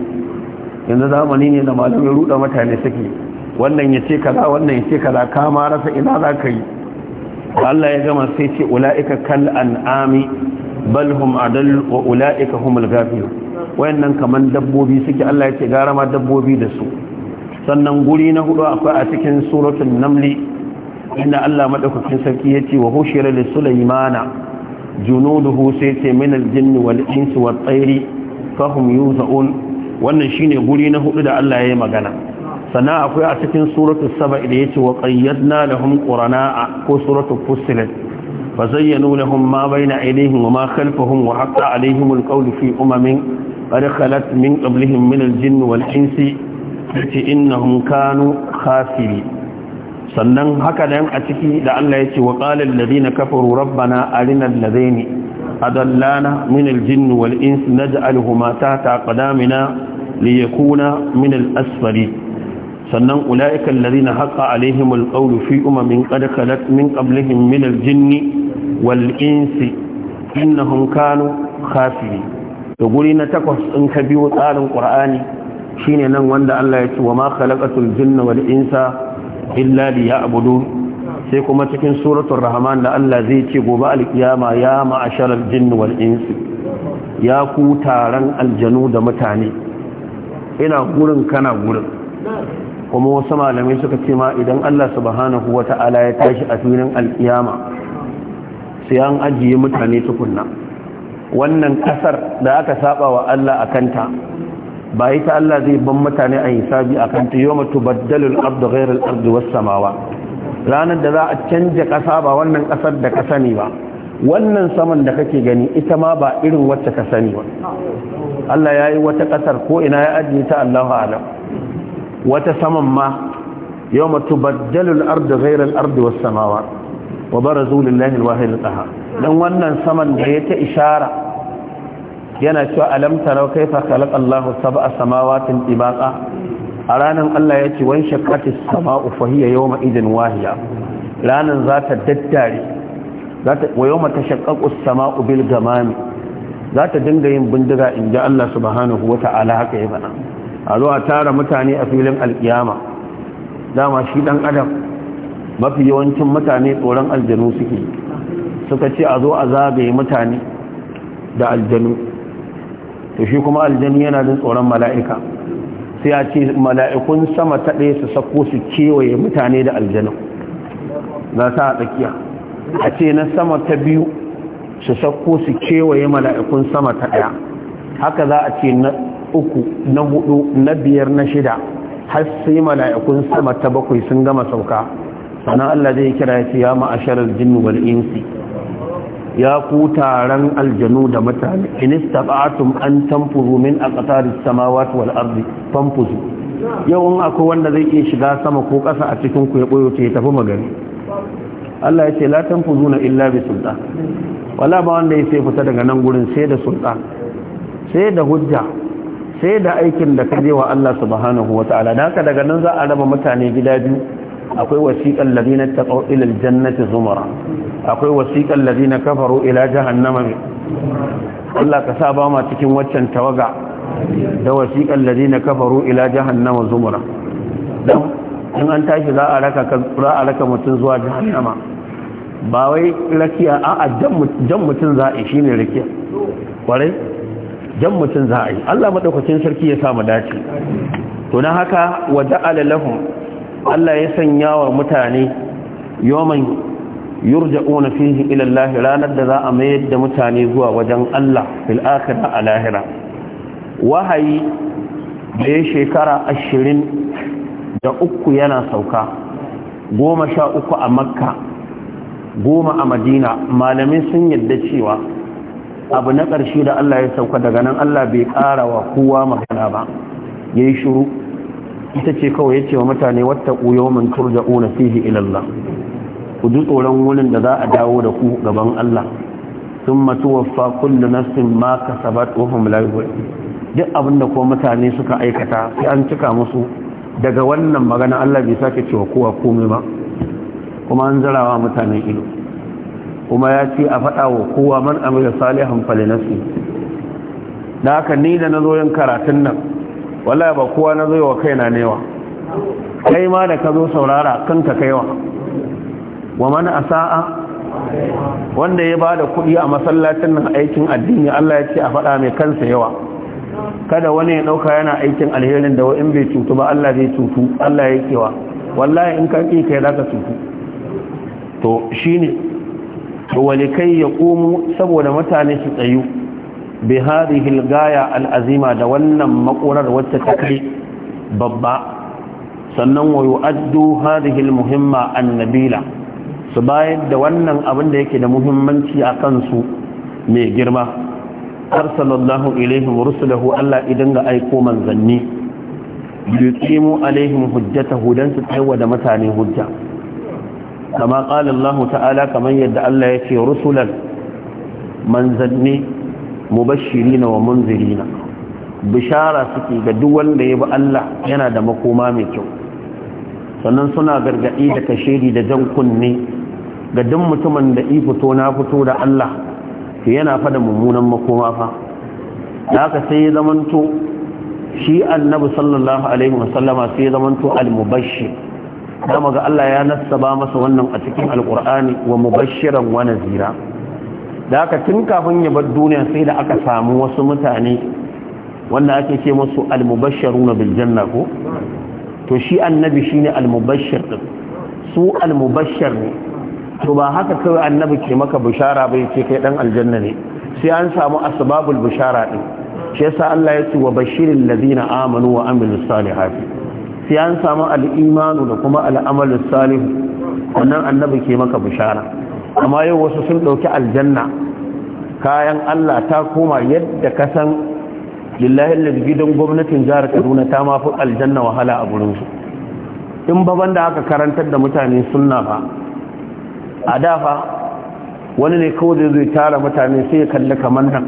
[SPEAKER 2] yanzu zamani ne da malamai ruda mutane suke wannan ya ce kaza wannan ya ce kaza ka ma rasa ina za ka yi Allah ya gama sai ce ula'ika kal an'ami bal hum adal wa ula'ika humul ghafilun wayannan kaman dabbobi suke Allah ya ce gara ma dabbobi da su sannan guri na hudu akwai a cikin suratul namli inda Allah madaukakin sarki yace wa hushira li sulaymana junuduhu sai ce min aljinn wal insi wat tsairi yi yuzaun wannan shine guri na hudu da Allah ya yi magana sannan akwai a cikin suratu saba da ce wa qayyadna lahum a ko suratu fussilat fa nuna lahum ma bayna ainihin wa ma khalfahum wa hatta alaihim alqawl fi umamin qad khalat min qablihim min aljinn wal insi innahum kanu khasirin sannan haka nan a ciki da Allah ya ce wa qalal ladina kafaru rabbana arinal ladaini adallana min aljinn wal ins naj'aluhuma tahta qadamina liyakuna min al sannan ulaika alladhina haqa alaihim alqawlu fi umamin qad khalat min qablihim min aljinn wal ins innahum kanu khasirin to guri na takwas in ka biyo tsarin qur'ani shine nan wanda Allah ya ce wa ma khalaqatul jinna wal insa ya li ya'budun sai kuma cikin suratul rahman da Allah zai ce gobe alkiyama ya ma'asharar jinni wal insi ya ku taron aljanu da mutane ina gurin kana gurin kuma wasu malamai suka ce ma idan Allah subhanahu wata'ala ya tashi a filin alkiyama sai an ajiye mutane tukunna wannan kasar da aka saba wa Allah a kanta ba ita Allah zai ban mutane a hisabi akan ta yawma tubaddalu al-ardu ghayra al-ardi was-samawa ranar da za a canja kasa ba wannan kasar da ka sani ba wannan saman da kake gani ita ma ba irin wacce ka sani ba Allah ya yi wata ƙasar ko ina ya ajiye ta Allahu a'lam wata saman ma yawma tubaddalu al-ardu ghayra al-ardi was-samawa wa barazu lillahi al-wahid al-qahar wannan saman da ya ta ishara. yana cewa alam tarau fa khalaqa Allahu sab'a samawatin tibaqa a ranan Allah ya ce wan shaqqatis sama'u fa hiya yawma idin wahiya ranan za ta daddare za ta wa yawma tashaqqaqu samau bil gamam za ta dinga yin bindiga in ji Allah subhanahu ta'ala haka ya faɗa a zo a tara mutane a filin alkiyama dama shi dan adam mafi yawancin mutane tsoron aljanu suke suka ce a zo a zagaye mutane da aljanu to shi kuma aljani yana jin tsoron mala'ika sai a ce mala'ikun sama ta ɗaya su sako su kewaye mutane da aljanu za ta a tsakiya a ce na sama ta biyu su sako su kewaye mala'ikun sama ta ɗaya haka za a ce na uku na hudu na biyar na shida har sai mala'ikun sama ta bakwai sun gama sauka sannan Allah zai kira ya ce ya ma'asharar jinnu wal insi ya ku taron aljanu da mutane in istata'tum an tanfuzu min aqtaris samawati wal ardi fanfuzu yau in akwai wanda zai iya shiga sama ko ƙasa a cikin ku ya boyo ta ya tafi magani Allah ya ce la tanfuzuna illa bi wala ba wanda ya sai fita daga nan gurin sai da sultan sai da hujja sai da aikin da ka je wa Allah subhanahu wataala da haka daga nan za a raba mutane gida biyu akwai wasiƙan ladina taqaw ila aljannati zumara akwai wasiqal ladina kafaru ila jahannama Allah ka sa ba ma cikin waccan tawaga da wasiƙan ladina kafaru ila jahannama zumara dan in an tashi za a raka za a raka mutun zuwa jahannama ba wai rakiya a jan mutun za'i shine rakiya kwarai jan mutun za'i Allah madaukakin sarki ya sa mu dace to na haka wa ja'ala lahum Allah ya sanya wa mutane yawman yurja'una fihi ila ilallahi, ranar da za a mayar da mutane zuwa wajen Allah filahira a lahira wahayi da ya shekara ashirin da uku yana sauka goma sha uku a makka goma a madina malamai sun yadda cewa abu na ƙarshe da Allah ya sauka daga nan Allah bai ƙara wa kowa magana ba ya yi shuru ita ce kawai yace wa mutane wattaqu yawman turja'una fihi ila Allah ku ji tsoron wurin da za a dawo da ku gaban Allah thumma tuwaffa kullu nafsin ma kasabat wa hum la yuzlamun duk abinda ko mutane suka aikata sai an cika musu daga wannan magana Allah bai sake cewa kowa komai ba kuma an zarawa mutane ido kuma ya ce a faɗa wa kowa man amila salihan falinasi da haka ni da na yin karatun nan wallahi ba kowa na zo wa kaina newa kai ma da ka zo saurara kanka kaiwa wa mana asa'a wanda ya bada kuɗi a masallacin nan aikin addini Allah ya ce a faɗa mai kansa yawa kada wani ya ɗauka yana aikin alherin da wa'in bai cutu ba Allah zai cutu Allah ya kewa wallahi in kan ƙi kai za ka cutu to shine to walikai ya komo saboda mutane su tsayu bi hadhihi gaya al-azima da wannan makorar wacce ta kai babba sannan wa addu hadhihi muhimma an su bayar da wannan abin da yake da muhimmanci a kansu mai girma arsalallahu ilaihim rusulahu Allah idan ga aiko manzanni yuqimu alaihim hujjatahu dan su tsayawa da mutane hujja kama qala Allah ta'ala kaman yadda Allah yake rusulan manzanni mubashirina wa munzirina bishara suke ga duk wanda ya bi Allah yana da makoma mai kyau sannan suna gargaɗi da kashiri da jan kunne ga duk mutumin da i fito na fito da Allah to yana fada mummunan makoma fa haka sai ya zamanto shi annabi sallallahu alaihi wasallama sai ya zamanto al mubashir dama ga Allah ya nassaba masa wannan a cikin alqur'ani wa mubashiran wa nazira da haka tun kafin ya bar duniya sai da aka samu wasu mutane wanda ake ce masu almubashsharuna bil janna ko to shi annabi ne almubashshir ɗin, su almubashshir ne to ba haka kawai annabi ke maka bishara bai ce kai ɗan aljanna ne sai an samu asbabul bishara ɗin, shi yasa Allah ya ce wa bashirin lazina amanu wa amilus salihati sai an samu al da kuma al Salihu, wannan annabi ke maka bishara amma yau wasu sun ɗauki aljanna kayan Allah ta koma yadda ka san lillahi don gwamnatin jihar kaduna ta mafi aljanna wahala a gurinsu in baban da aka karantar da mutane sunna ba a dafa wani ne kawai zai zai tara mutane sai ya kalli kamar nan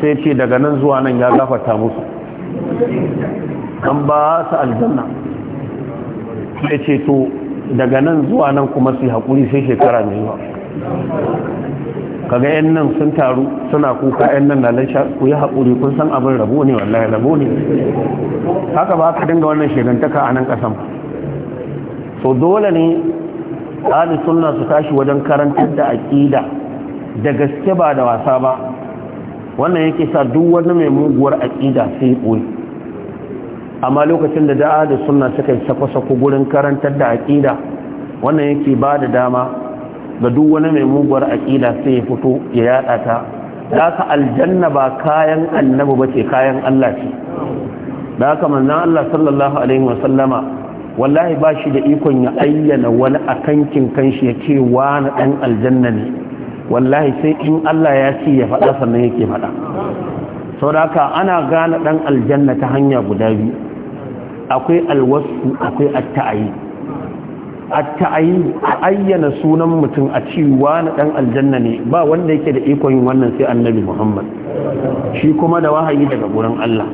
[SPEAKER 2] sai ce daga nan zuwa nan ya gafata musu an ba su aljanna sai ce to daga nan zuwa nan kuma su haƙuri sai shekara mai yawa kaga yan nan sun taru suna kuka yan nan na lansha ku yi haƙuri kun san abin rabo ne wallahi rabo ne haka ba ka dinga wannan shirantaka a nan ƙasan so dole ne ahli sunna su tashi wajen karantar da aƙida da gaske ba da wasa ba wannan yake sa duk wani mai muguwar aƙida sai ƙuri. amma lokacin da da'a da sunna suka yi sako-sako gurin karantar da aƙida wannan yake ba da dama da duk wani mai muguwar aƙida sai ya fito ya yada ta da ka aljanna ba kayan annabi ba ce kayan Allah ce da haka manzon Allah sallallahu alaihi wa sallama wallahi ba shi da ikon ya ayyana wani akankin kanshi ya ce wani ɗan aljanna ne wallahi sai in Allah ya ce ya faɗa sannan yake faɗa sau da haka ana gane ɗan aljanna ta hanya guda biyu akwai alwasu akwai atta'ayi a ayyana sunan mutum a cewa na dan aljanna ne ba wanda yake da ikon yin wannan sai annabi muhammad shi kuma da wahayi daga gurin allah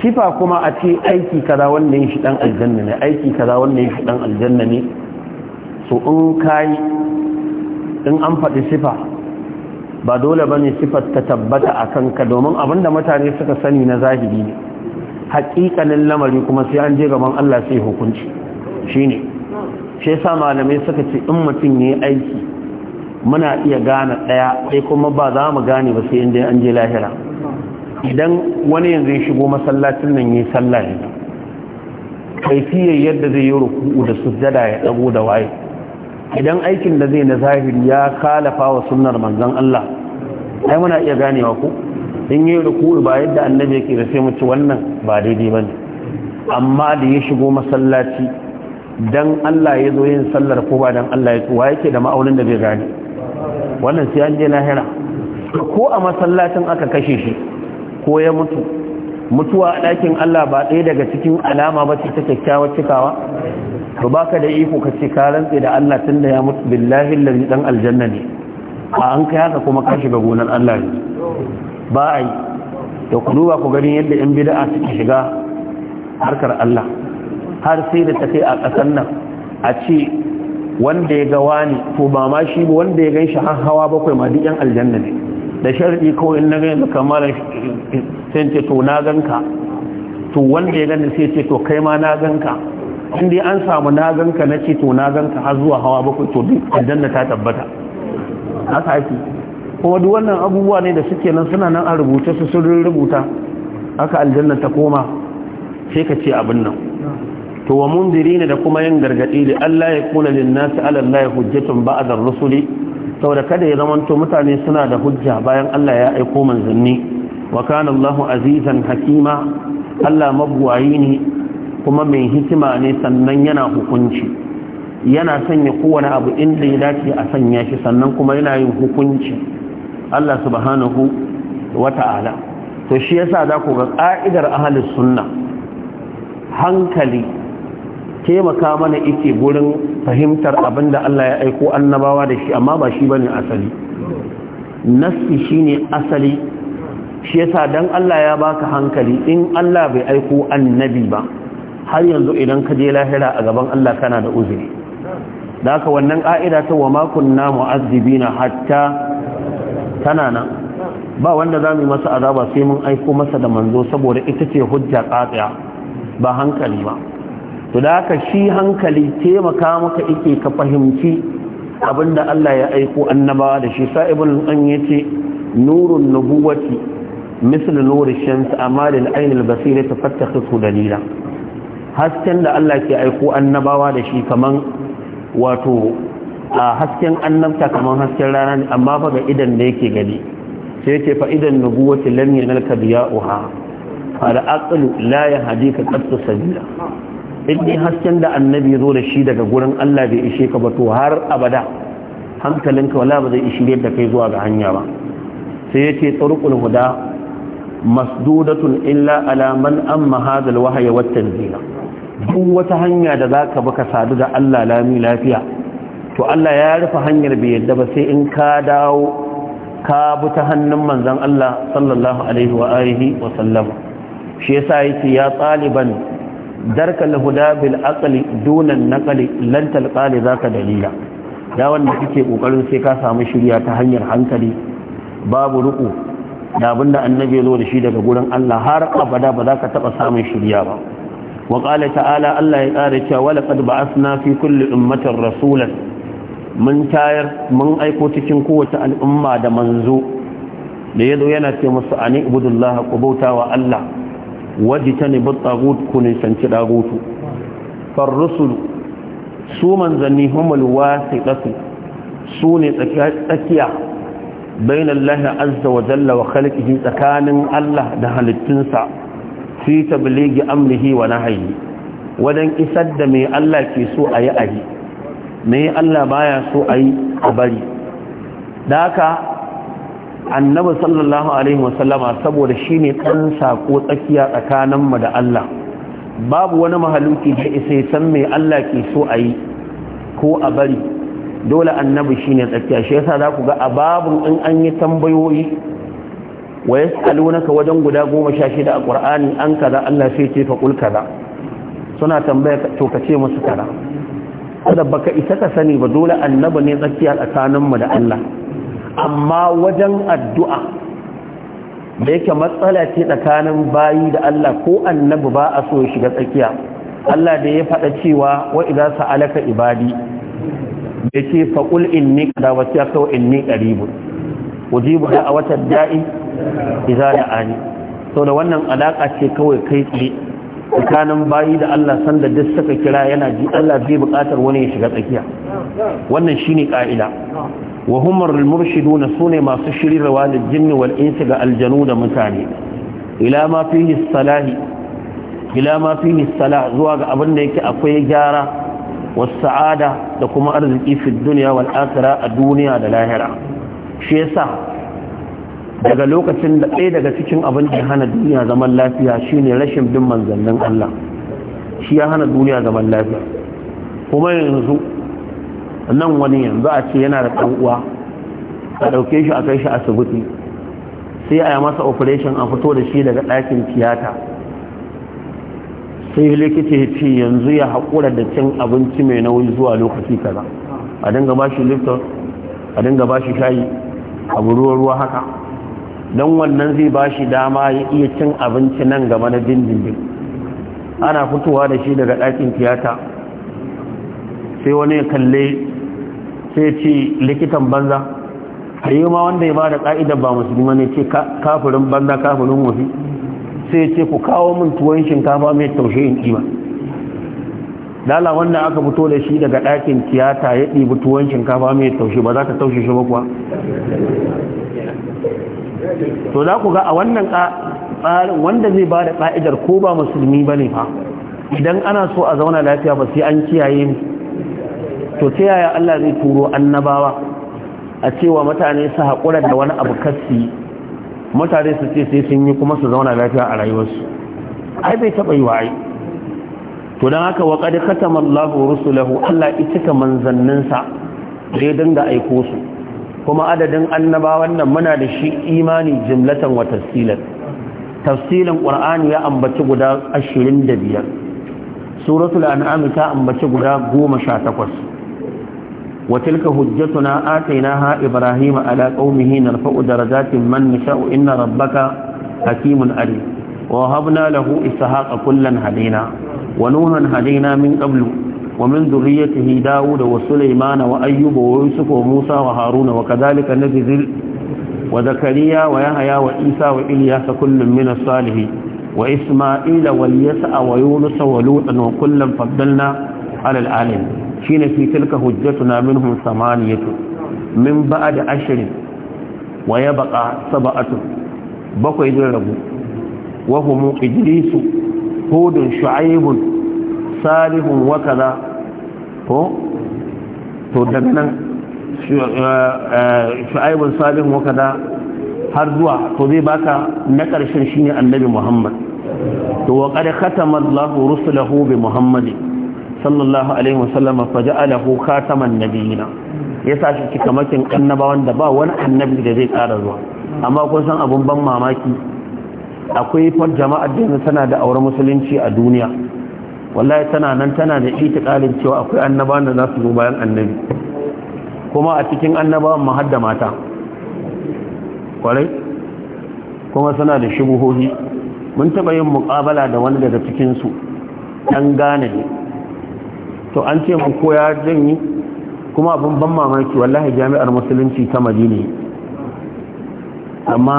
[SPEAKER 2] sifa kuma a ce aiki kaza wanda yin shi dan aljanna ne aiki kaza wanda yin shi dan aljanna ne so in kai in an faɗi sifa ba dole bane sifar ta tabbata a kanka domin abinda mutane suka sani na zahiri ne haƙiƙanin lamari kuma sai an je gaban Allah sai hukunci shine shi yasa malamai suka ce in mutum yayi aiki muna iya gane daya sai kuma ba za mu gane ba sai inda an je lahira idan wani yanzu ya shigo masallacin nan yayi sallah ne fiye yadda zai yi ruku'u da sujjada ya dago da waye idan aikin da zai na zahiri ya kalafa wa sunnar manzon Allah ai muna iya ganewa ko in yi ruku'u ba yadda annabi yake da sai mu ci wannan ba daidai bane amma da ya shigo masallaci dan Allah ya zo yin sallar ko ba dan Allah ya wa yake da ma'aunin da bai gane wannan sai an je lahira ko a masallacin aka kashe shi ko ya mutu mutuwa a ɗakin Allah ba ɗaya daga cikin alama ba ce ta kyakkyawar cikawa to baka da iko ka ce ka rantse da Allah tun da ya mutu billahi lalli dan aljanna ne a an kai haka kuma ka shiga gonar Allah ne ba a yi da ku duba ku ganin yadda yan bid'a suke shiga harkar Allah har sai da ta kai a ƙasar nan a ce wanda ya ga wani to ba ma shi ba wanda ya gan shi har hawa bakwai ma duk yan aljanna ne da sharɗi kawai in na ga yanzu kamar sai ce to na ganka to wanda ya gani sai ce to kai ma na ganka in dai an samu na ganka na ce to na ganka har zuwa hawa bakwai to duk aljanna ta tabbata haka ake kuma duk wannan abubuwa ne da suke nan suna nan a rubuce su sun rubuta haka aljanna ta koma sai ka ce abin nan to wa ne da kuma yin gargadi da Allah ya kula linnasi nas ala hujjatun ba'd ar-rusuli saboda kada ya zama to mutane suna da hujja bayan Allah ya aiko manzanni wa kana Allahu azizan hakima Allah mabwayi ne kuma mai hikima ne sannan yana hukunci yana sanya kowane abu inda ya dace a sanya shi sannan kuma yana yin hukunci Allah subhanahu wa ta'ala to shi yasa za ku ga ka'idar ahlus sunna hankali taimaka mana ike gurin fahimtar abin da Allah ya aiko annabawa da shi amma ba shi bane asali nassi shine asali shi yasa dan Allah ya baka hankali in Allah bai aiko annabi ba har yanzu idan ka je lahira a gaban Allah kana da uzuri da haka wannan ka'ida ta wa ma kunna mu'azzibina hatta tana nan ba wanda za mu masa azaba sai mun aiko masa da manzo saboda ita ce hujja qati'a ba hankali ba to da haka shi hankali taimaka maka ike ka fahimci abinda Allah ya aiko annabawa da shi sa'ibul an yace nurun nubuwati misl nuri shams amma lil al basira tafattakhu dalila hasken da Allah ke aiko annabawa da shi kaman wato a hasken annabta kaman hasken rana ne amma fa ga idan da yake gani sai ce fa idan nubuwati lam yanalka diya'uha fa al-aqlu la yahdika qad sabila in hasken da annabi zo da shi daga gurin Allah bai ishe ka ba to har abada hankalinka wala ba zai ishi yadda kai zuwa ga hanya ba sai yace tsarukul huda masdudatun illa ala man amma hadal wahaya wat tanzila duk wata hanya da zaka baka sadu da Allah lami lafiya to Allah ya rufe hanyar bai yadda ba sai in ka dawo ka bi ta hannun manzon Allah sallallahu alaihi wa alihi wa sallam shi yasa yace ya taliban Darka huda bil aqli dunan naqli lan talqa zaka dalila da wanda kike kokarin sai ka samu shirya ta hanyar hankali babu ruku da abinda annabi zo da shi daga gurin Allah har abada ba za ka taba samun shirya ba wa qala ta'ala Allah ya kare cewa wa laqad ba'athna fi kulli ummatin rasulan mun tayar mun aiko cikin kowace al'umma da manzo da yazo yana ce musu ani ibudullaha qubauta wa Allah wajitani bi tagut kun sanci dagutu far rusul su manzanni humul wasiqatu su ne tsakiya bayan Allah azza wa jalla wa khalqihi tsakanin Allah da halittunsa fi tablighi amrihi wa nahyihi wadan isar da mai Allah ke so ayi ayi me Allah baya so ayi a bari daka annabi sallallahu alaihi wasallama saboda shine dan sako tsakiya tsakanin da Allah babu wani mahaluki da isai san me Allah ke so a yi ko a bari dole annabi shine tsakiya shi yasa za ku ga a babun in an yi tambayoyi wa yas'alunaka wajen guda 16 a Qur'ani an kaza Allah sai ce fa kul kaza suna tambaya to kace musu kaza kada baka isa ka sani ba dole annabi ne tsakiya tsakanin mu da Allah amma wajen addu'a da yake matsala ce tsakanin bayi da Allah ko annabi ba a so shiga tsakiya Allah da ya faɗa cewa wa idan sa'alaka ibadi da yace faqul inni qad wasiyaka wa inni qaribun ujibu da'awata da'i idza da'ani Sau da wannan alaƙa ce kawai kai tsaye tsakanin bayi da Allah sanda duk suka kira yana ji Allah zai buƙatar wani ya shiga tsakiya wannan shine ƙa'ida. wa humar murshiduna sune masu shirirwa da jini wal ga aljanu da mutane ila ma fi salahi zuwa ga abin da yake akwai gyara wa sa'ada da kuma arziki fi dunya wal a duniya da lahira shi yasa daga lokacin da ɗaya daga cikin abin da hana duniya zaman lafiya ne rashin bin manzannin Allah shi ya hana duniya zaman lafiya kuma yanzu nan wani yanzu a ce yana da ɗan'uwa a ɗauke shi a kai shi asibiti sai a yi masa operation a fito da shi daga ɗakin tiyata sai likita ya ce yanzu ya haƙura da cin abinci mai nauyi zuwa lokaci kaza a dinga ba shi lifton a dinga ba shi shayi a buruwar ruwa haka don wannan zai ba shi dama ya iya cin abinci nan gaba na dindindin ana fitowa da shi daga ɗakin tiyata sai wani ya kalle sai ce likitan banza a yi ma wanda ya ba da ƙa'idar ba musulma ne ce kafirin banza kafirin wafi sai ce ku kawo min tuwon shinkafa mai taushe in ƙima dala wanda aka fito da shi daga ɗakin tiyata ya ɗibi tuwon shinkafa mai taushe ba za ta taushe shi ba kuwa to za ku ga a wannan tsarin wanda zai ba da ƙa'idar ko ba musulmi ba ne fa idan ana so a zauna lafiya ba sai an kiyaye to ta yaya Allah zai turo annabawa a cewa mutane su haƙura da wani abu kassi mutane su ce sai sun yi kuma su zauna lafiya a rayuwarsu ai bai taɓa yi wa to don haka wa ƙadi katama Allahu rusulahu Allah ita ka manzanninsa da ya dinga aiko su kuma adadin annabawan nan muna da shi imani jimlatan wa tafsilan tafsilin ƙur'ani ya ambaci guda ashirin da biyar suratul an'am ta ambaci guda goma sha takwas وتلك هجتنا آتيناها إبراهيم على قومه نرفع درجات من نشاء إن ربك حكيم عليم وهبنا له إسحاق كلا هدينا ونوحا هدينا من قبل ومن ذريته داود وسليمان وأيوب ويوسف وموسى وهارون وكذلك نجزل وزكريا ويحيى وإيسى وإلياس كل من الصالحين وإسماعيل واليسع ويونس ولوطا وكلا فضلنا على العالمين shine fi tilka hujjatuna minhum samaniyatu min da ashirin wa ya yabqa saba'atu. bakwai da rabu wa hum Idrisu, hud shu'aib salih wa kaza ko to daga nan uh, uh, shu'aib salih wa kaza har zuwa to zai baka na ƙarshen shi ne annabi muhammad to wa qad khatama allah rusulahu bi muhammadin sallallahu alaihi wasallam fa ja'alahu khataman nabiyina yasa shi cikamakin annabawan da ba wani annabi da zai tsara zuwa amma kun san abun ban mamaki akwai far jama'ar da yanzu tana da auren musulunci a duniya wallahi tana nan tana da itiqalin cewa akwai annabawan da za su zo bayan annabi kuma a cikin annabawan ma har mata kwarai kuma suna da shubuhohi mun taɓa yin muƙabala da wani daga cikinsu ɗan gane ne to an ce mun koya zan yi kuma abin ban mamaki wallahi jami'ar musulunci ta madini amma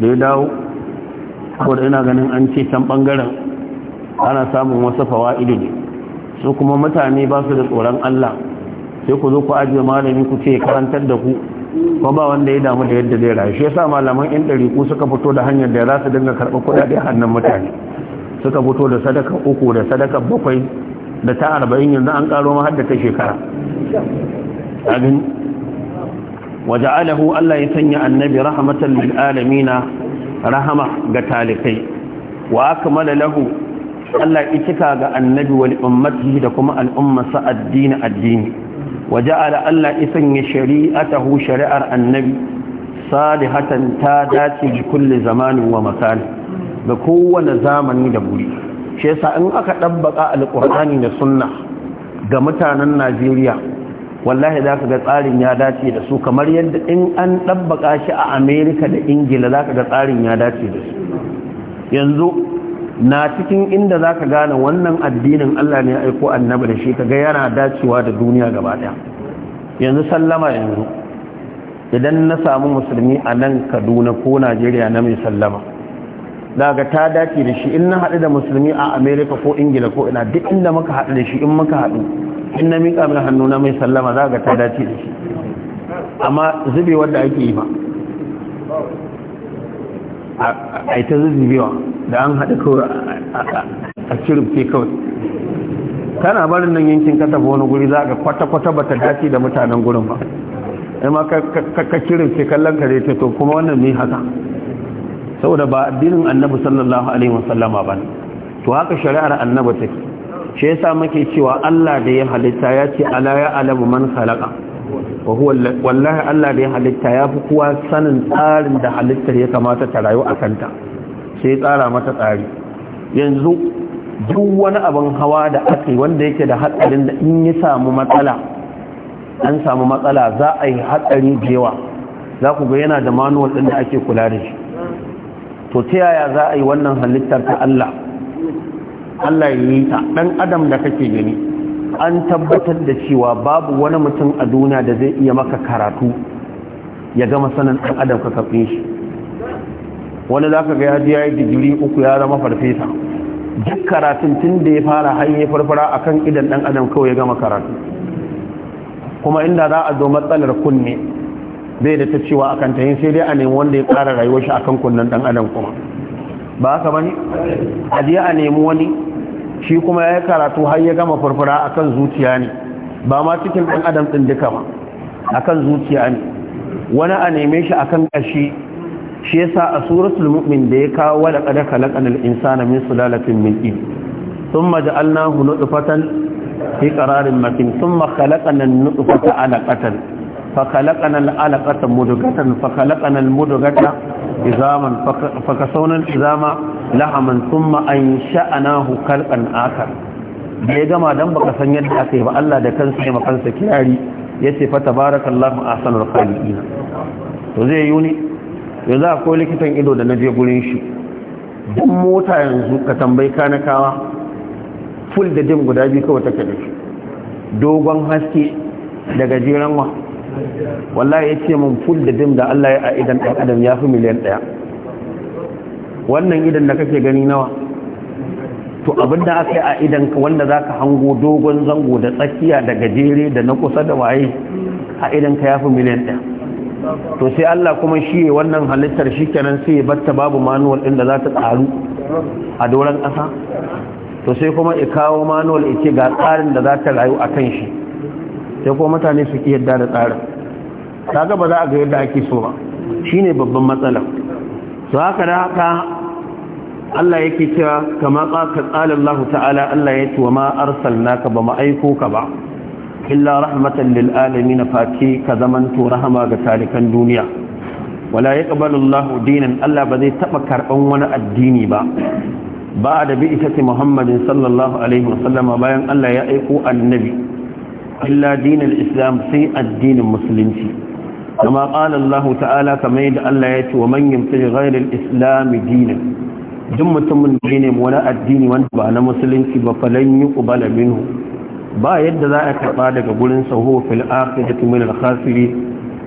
[SPEAKER 2] da ya dawo saboda ina ganin an ce can bangaren ana samun wasu fawa'idu ne su kuma mutane ba su da tsoron Allah sai ku zo ku ajiye malami ku ce karantar da ku kuma ba wanda ya damu da yadda zai rayu shi yasa malaman yan ku suka fito da hanyar da za su dinga karɓar kuɗaɗe hannun mutane suka fito da sadaka uku da sadaka bakwai da ta arba'in yanzu an karo ma ta shekara abin waja'alahu Allah ya sanya annabi rahmatan lil alamina rahama ga talifai. wa akmala lahu Allah cika ga annabi wal ummatihi da kuma al'umma sa addini addini waja'ala Allah ya sanya shari'atahu shari'ar annabi salihatan ta dace bi kulli zamanin wa makan ga kowane zamani da buri shi yasa in aka dabbaka alqur'ani da sunna ga mutanen Najeriya wallahi za ka ga tsarin ya dace da su kamar yadda in an dabbaka shi a Amerika da Ingila za ka ga tsarin ya dace da su yanzu na cikin inda za ka gane wannan addinin Allah ne ya aiko annabi da shi ka ga yana dacewa da duniya gaba daya yanzu sallama yanzu idan na samu musulmi a nan kaduna ko najeriya na mai sallama daga ta dace da shi in na haɗu da musulmi a america ko ingila ko ina duk inda muka haɗu da shi in muka haɗu in na miƙa mai hannu na mai sallama za ga ta dace da shi amma zube wanda ake yi ba a ita zubewa da an haɗu kawai a cirufe kawai kana barin nan yankin ka tafi wani guri za ga kwata-kwata ba ta dace da mutanen gurin ba ma ka cirifce kallon ka zai to kuma wannan mai haka saboda ba addinin annabi sallallahu alaihi wasallama ba to haka shari'ar annabi take shi yasa muke cewa Allah da ya halitta ya ce ala ya alamu man khalaqa wa huwa wallahi Allah da ya halitta ya fi kowa sanin tsarin da halittar ya kamata ta rayu a kanta sai tsara mata tsari yanzu duk wani abin hawa da aka wanda yake da hatsarin da in ya samu matsala an samu matsala za a yi hatsari da yawa za ku ga yana da manuwal ɗin da ake kula da shi to ta yaya za a yi wannan halittar ta Allah Allah ya yi ta ɗan adam da kake gani an tabbatar da cewa babu wani mutum a duniya da zai iya maka karatu ya gama sanin ɗan adam ka kafin shi wani za ka ga yaji ya yi digiri uku ya zama farfesa duk karatun tun da ya fara hanyar farfara a kan idan ɗan adam kawai ya gama karatu kuma inda za a zo matsalar kunne bai da ta cewa akan ta sai dai a nemi wanda ya kara rayuwar shi akan kunnen dan adam kuma ba haka bane a je a nemi wani shi kuma ya karatu har ya gama furfura akan zuciya ne ba ma cikin dan adam din duka ba akan zuciya ne wani a neme shi akan kashi shi yasa a suratul mu'min da ya kawo wa laqad khalaqnal insana min sulalatin min tin thumma ja'alnahu nutfatan fi qararin makin thumma khalaqna an-nutfata 'alaqatan فخلقنا العلقة مدغة فخلقنا المدغة عظاما فكسونا العظام لحما ثم أنشأناه خلقا آخر bai gama dan baka san yadda aka yi ba Allah da kansa ya makansa kirari ya ce fa tabarakallahu ahsanul khaliqin to zai yi ne yanzu akwai likitan ido da na je gurin shi dan mota yanzu ka tambayi kanakawa Ful da dim guda biyu kawai take da shi dogon haske da gajeren wa wallahi ya ce mun ful da dim da Allah ya a idan ɗan adam ya fi miliyan ɗaya wannan idan da kake gani nawa to abin da aka yi a idan wanda za ka hango dogon zango da tsakiya da gajere da na kusa da waye a idan ka ya fi miliyan ɗaya to sai Allah kuma shi wannan halittar shi kenan sai ya batta babu manuwal ɗin da za ta tsaru a doron ƙasa to sai kuma ya kawo manuwal ya ce ga tsarin da za ta rayu a kan shi sai kuma mutane su ki yadda da tsarin kaga ba za a ga yadda ake so ba shine babban matsala to haka da haka Allah yake cewa kama ka qala Allah ta'ala Allah yace wa ma ka ba ma aiko ka ba illa rahmatan lil na fati ka zaman to rahama ga talikan duniya wala yaqbalu Allah dinan Allah ba zai taba karban wani addini ba ba da bi ita ce Muhammadin sallallahu alaihi wasallama bayan Allah ya aiko annabi illa dinin islam sai addinin musulunci kama ƙala Allahu ta'ala kamar yadda Allah ya ce wa manyan fi ghairar islami dinin duk mutumin da ne wani addini wanda ba na musulunci ba falon yi ƙubala minhu ba yadda za a karɓa daga gurin saho fil akhirati min al khasiri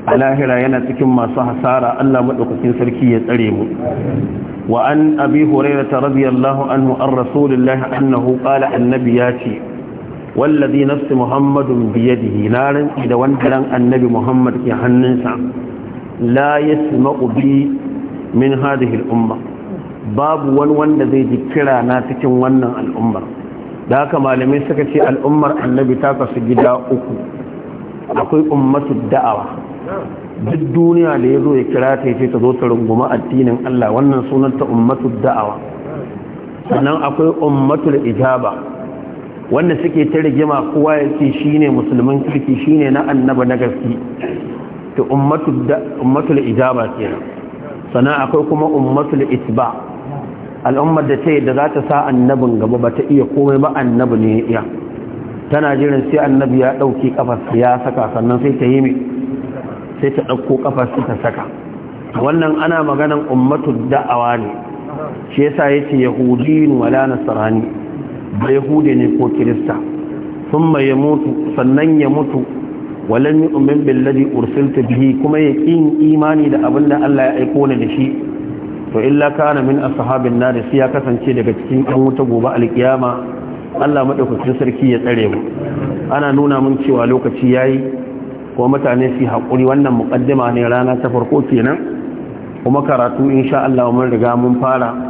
[SPEAKER 2] a lahira yana cikin masu hasara Allah maɗaukakin sarki ya tsare mu wa an abi hurairah radiyallahu anhu an rasulillahi annahu qala annabi ya ce wallazi nafsi muhammadun biyadihi na rantsi da wandaran annabi muhammad ke hannunsa la yasma'u bi min hadhihi al-umma babu wani wanda zai ji kira na cikin wannan al'ummar da haka malamai suka ce al'ummar annabi ta kasu gida uku akwai ummatu da'awa duk duniya da ya zo ya kira ta ce ta zo ta runguma addinin Allah wannan sunanta ummatu da'awa sannan akwai ummatul ijaba wanda suke ta rigima kowa ya ce shi musulmin kirki shi ne na annaba na gaske ta ummatul ijaba ke sana akwai kuma ummatul itba al'ummar da ta da za ta sa annabin gaba ba ta iya komai ba annabi ne ya iya tana jiran sai annabi ya ɗauki kafas ya saka sannan sai ta yi mai sai ta ɗauko kafas ta saka wannan ana maganan ummatul da'awa ne shi yasa yace yahudin wala nasrani ba yahudi ne ko kirista sun ya mutu sannan ya mutu walan yu'min billadi ursilta bihi kuma ya imani da abin da Allah ya aiko ni da shi to illa kana min na da si ya kasance daga cikin ɗan wuta gobe alkiyama Allah madaukakin sarki ya tsare mu ana nuna mun cewa lokaci yayi ko mutane su hakuri wannan muqaddima ne rana ta farko kenan kuma karatu insha Allah mun riga mun fara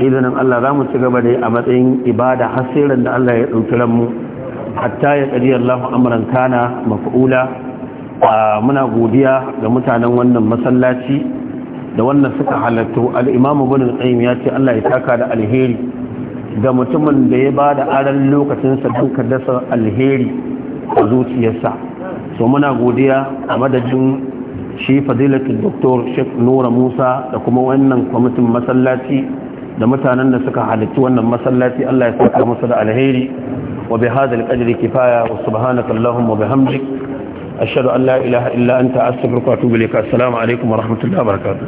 [SPEAKER 2] nan Allah za mu ci gaba da a matsayin ibada hasirin da Allah ya ɗauki mu hatta ya ƙari Allah amuran kana mafi'ula muna godiya ga mutanen wannan masallaci da wannan suka halattu al'imamu bin tsayin ya ce Allah ya taka da alheri ga mutumin da ya ba da aran lokacinsa don kaddasa dasa alheri a zuciyarsa so muna godiya a madadin shi fadilatul doktor sheikh nura musa da kuma wannan kwamitin masallaci da mutanen da suka halarci wannan masallaci Allah ya saka musu da alheri wa bi hadha al kifaya wa subhanaka allahumma bihamdik ashhadu an la ilaha illa anta astaghfiruka wa atubu ilaik assalamu alaikum wa rahmatullahi wa barakatuh